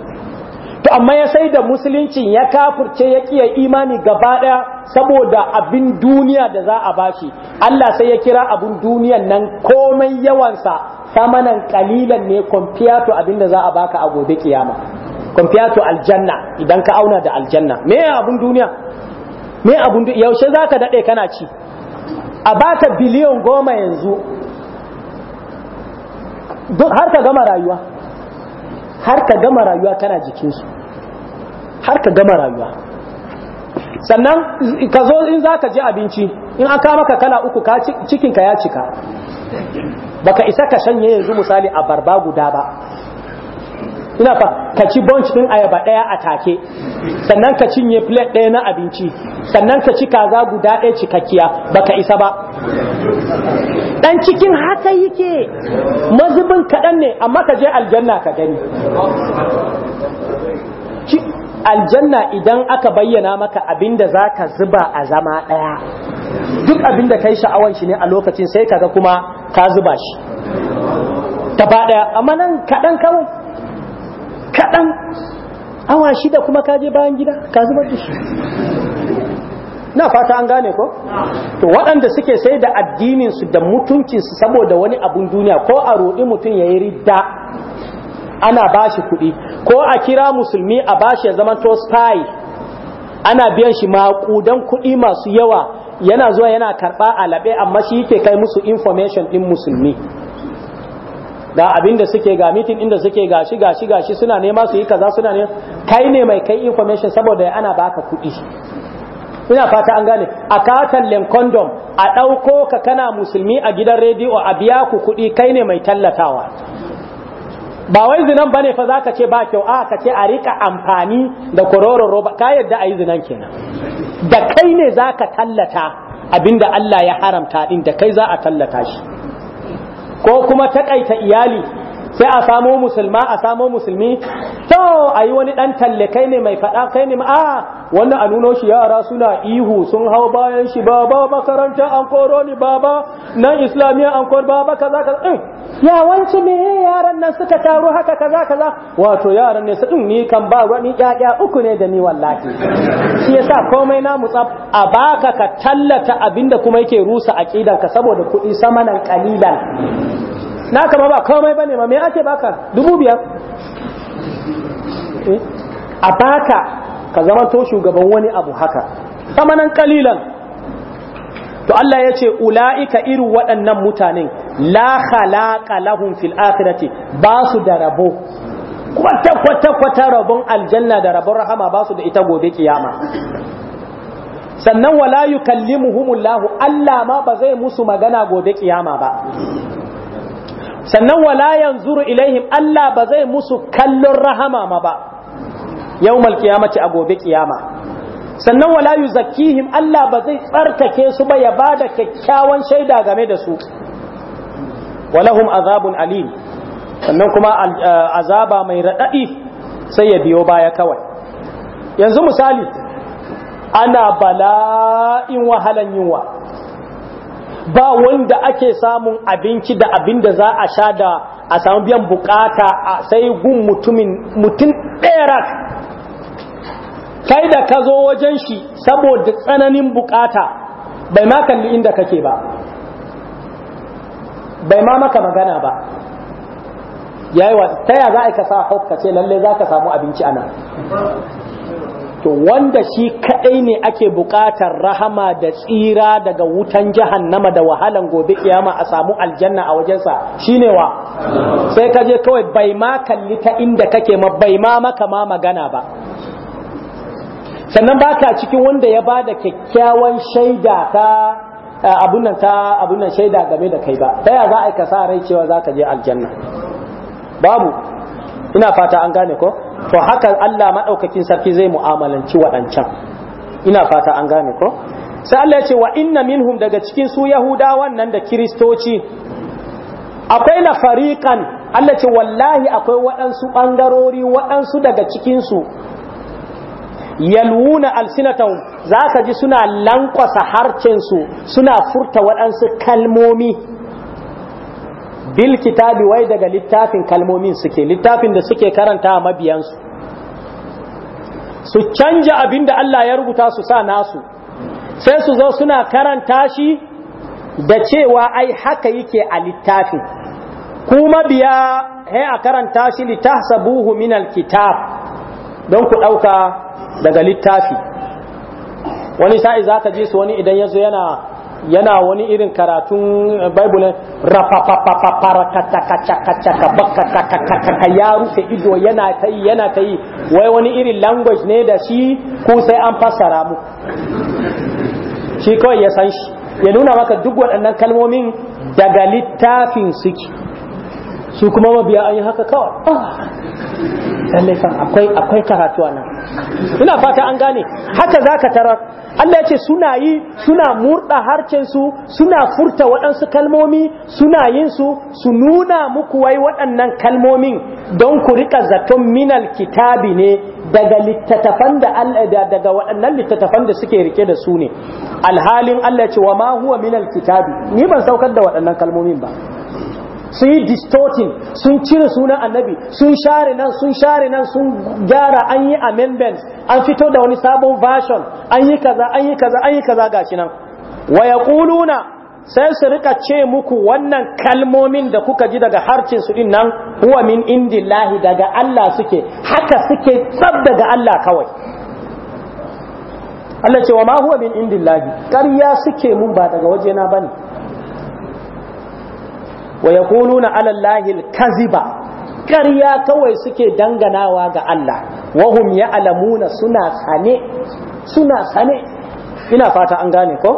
to amma ya sai da musuluncin ya kafurce ya kiya imani gaba daya saboda abin duniya da za a bashi Allah sai ya kira abin duniyan nan komai yawansa samanan kalilan ne compared to abin da za a baka a gobe kiyama compared to aljanna idan ka auna da aljanna me abin duniya me abin yaushe zaka dade kana ci a baka biliyon goma yanzu har ka gama rayuwa har ka gama rayuwa kana jikinsu har ka gama rayuwa sannan ka zo in za ka ji abinci in aka maka kana uku cikinka ya cika baka isa ka shanye yanzu misali a barba guda ba ina fa ka ci bunch din ayaba daya a take sannan ka cinye plate daya na abinci sannan ka ci kaza guda daya cikakkiya baka isa ba dan cikin haka yake mazubin kaɗan ne amma ka je aljanna ka gani aljanna idan aka bayyana maka abinda zaka zuba a zama daya duk abinda kai sha'awar shi ne a lokacin sai kaga kuma ka zuba shi gaba daya amma nan kadan kawai kadan awa shida kuma ka je bayan gida ka zuba shi na fata an gane ko to waɗanda suke sai da addinin su da mutuncin su saboda wani abun duniya ko a roɗi mutum yayi ridda ana ba shi kuɗi ko a kira musulmi a bashi ya zama to spy ana biyan shi maƙudan kuɗi masu yawa yana zuwa yana karɓa a amma shi yake kai musu information ɗin musulmi ga abin da suke ga mitin inda suke gashi gashi gashi suna nema su yi kaza suna ne kai ne mai kai information saboda ana baka kuɗi ina fata an gane a len condom a ɗauko ka kana musulmi a gidan rediyo a biya ku kuɗi kai ne mai tallatawa ba wai zinan bane fa zaka ce ba kyau a kace a rika amfani da kororon roba ka yadda a yi zinan kenan da kai ne zaka tallata abinda Allah ya haramta din da kai za a tallata shi ko kuma takaita iyali sai a samo musulma a samo musulmi to a yi wani dan talle kai ne mai faɗa kai ne a wannan a nuno shi yara suna ihu sun hau bayan shi baba makaranta an koro ni baba nan islamiyya an koro baba kaza kaza mm. ya wanci me yaran nan suka taru haka kaza kaza wato yaran ne su mm, ni kan ba wani ƴaƴa uku ne da ni wallahi shi yasa komai na mutsaf a baka ka tallata abinda kuma yake rusa aqidanka saboda kuɗi samanan kalilan na kama ba komai bane ma me ake baka dubu biyar eh, a baka ka zamanto shugaban wani abu haka samanan kalilan to Allah ya ce ula'ika irin waɗannan mutanen la khalaqa basu fil akhirati ba su da rabo kwata kwata kwata rabon aljanna da rabon rahama ba su da ita gobe kiyama sannan wala yukallimuhumullahu Allah ma ba zai musu magana gobe kiyama ba sannan wala yanzuru ilaihim Allah ba zai musu kallon rahama ma ba yawmal qiyamati a gobe kiyama sannan wala zakihim Allah ba zai tsarkake su ba ya ba da kyakkyawan shaida game da su walahum azabun alim sannan kuma eh, azaba mai raɗaɗi, sai ya biyo baya kawai yanzu misali ana bala'in wahalan yunwa ba wanda ake samun abinci da abin da za a sha da a samu biyan bukata a sai gun mutumin mutum ɗaya kai da ka zo wajen shi saboda tsananin bukata bai ma kalli inda kake ba bai ma maka magana ba yayi wa ta yaya za a ka sa hot ce lalle za ka samu abinci a nan to wanda shi kadai ne ake buƙatar rahama da tsira daga wutan jahannama da wahalan gobe kiyama a samu aljanna a wajensa shine wa sai ka je kawai bai ma kalli ta inda kake ma bai ma maka ma magana ba sannan baka cikin wanda ya bada kyakkyawan shaida ta abun ta abun shaida game da kai ba ta za a ka sa rai cewa za ka je aljanna babu ina fata an gane ko to haka Allah maɗaukakin sarki zai mu'amalanci waɗancan ina fata an gane ko sai Allah ya ce wa inna minhum daga cikin su yahudawan nan da kiristoci akwai na fariƙan Allah ce wallahi akwai waɗansu bangarori waɗansu daga cikinsu yalwuna alsinatan za ka ji suna lankwasa harcensu suna furta waɗansu kalmomi bil kitabi wai daga littafin kalmomin suke littafin da suke karanta a mabiyansu su canja abin da Allah ya rubuta su sa nasu sai su zo suna karanta shi da cewa ai haka yake a littafin kuma biya he a karanta shi litahsabuhu min alkitab don ku dauka daga littafi wani sa'i zaka ji su wani idan yazo yana yana wani irin karatun eh, bible ya rufe ido yana ta yi yana ta yi wai wani irin language ne da shi ko sai an fassara mu shi kawai ya san shi ya nuna maka duk waɗannan kalmomin daga littafin suke su kuma mabiya an yi haka kawai ah! lallai kan akwai akwai karatu a nan ina fata an gane haka zaka tarar Allah yace ce suna yi suna murda harcen su suna furta waɗansu kalmomi suna yin su su nuna muku wai waɗannan kalmomin don ku rika zaton minal kitabi ne daga littattafan da daga waɗannan littattafan da suke rike da su ne alhalin Allah yace wa ma huwa minal kitabi ni ban saukar da waɗannan kalmomin ba sun yi distorting sun cire sunan annabi sun share nan sun share nan sun gyara an yi amendments an fito da wani sabon version an yi kaza an yi kaza an yi kaza gashi nan wa yaquluna sai su rika ce muku wannan kalmomin da kuka ji daga harcin su din nan huwa min indillahi daga Allah suke haka suke tsab daga Allah kawai Allah ce wa ma huwa min indillahi ƙarya suke mun ba daga waje na bane wa yaquluna ala allahi kaziba ƙarya kawai suke danganawa ga Allah wahum ya'lamuna suna sane suna sane ina fata an gane ko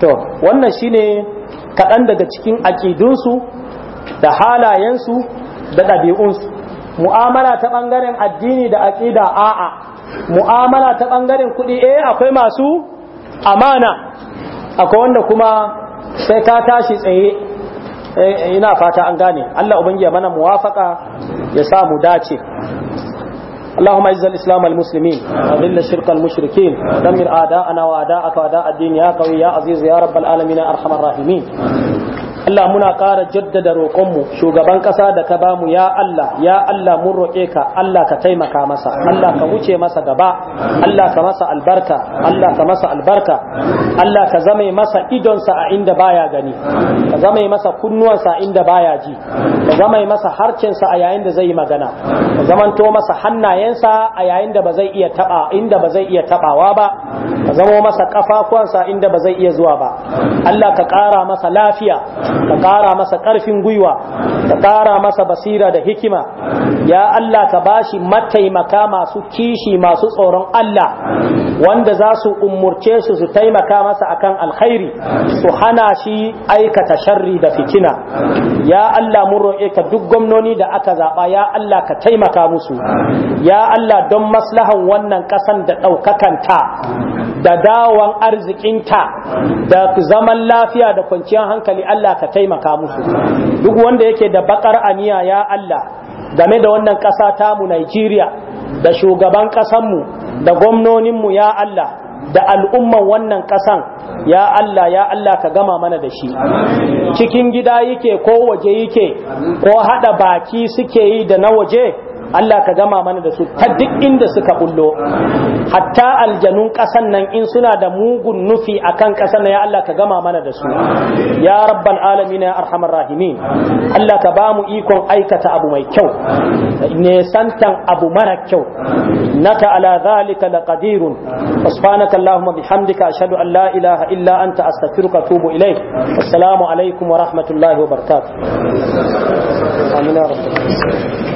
to wannan shine kaɗan daga cikin aƙidunsu da halayensu da ɗabi'unsu mu'amala ta ɓangaren addini da aƙida a'a mu'amala ta ɓangaren kuɗi eh akwai masu amana akwai wanda kuma sai ka tashi tsaye ina fata an gane Allah ubangiya mana muwafaka ya samu dace اللهم اعز الاسلام المسلمين واذل الشرك المشركين دمر اعداءنا واعداءك واعداء الدين يا قوي يا عزيز يا رب العالمين ارحم الراحمين Allah muna ƙara jaddada roƙonmu shugaban ƙasa da ka bamu ya Allah ya Allah mun roƙe ka Allah ka taimaka masa Allah ka wuce masa gaba Allah ka masa albarka Allah ka masa albarka Allah ka zame masa idonsa a inda baya gani ka zame masa kunnuwansa a inda baya ji ka zame masa harcensa a yayin da zai yi magana ka zamanto masa hannayensa a yayin da ba zai iya taba inda ba zai iya tabawa ba ka zamo masa kafafuwansa inda ba zai iya zuwa ba Allah ka ƙara masa lafiya ka ƙara masa ƙarfin gwiwa ka ƙara masa basira da hikima ya Allah ka bashi mataimaka masu kishi masu tsoron Allah wanda za su umurce su su taimaka masa akan alkhairi su hana shi aikata sharri da fitina ya Allah mun roƙe ka duk gwamnoni da aka zaɓa ya Allah ka taimaka musu ya Allah don maslahan wannan ƙasan da ɗaukakanta da dawan arzikinta da zaman lafiya da kwanciyar hankali Allah ka taimaka musu duk wanda yake da bakar aniya ya Allah game da wannan ƙasa mu Najeriya da shugaban mu da gwamnoninmu ya Allah da al'umman wannan ƙasan ya Allah ya Allah ka gama mana da shi cikin gida yake ko waje yake ko hada baki suke yi da na waje Allah ka gama mana da su ta duk inda suka bullo hatta aljanun ƙasan nan in suna da mugun nufi akan ƙasan nan ya Allah ka gama mana da su ya rabban alamin ya arhamar rahimin Allah ka ba mu ikon aikata abu mai kyau ne santan abu mara kyau naka ala zalika laqadirun subhanaka allahumma bihamdika ashhadu an la ilaha illa anta astaghfiruka wa atubu ilayk assalamu alaikum wa rahmatullahi wa barakatuh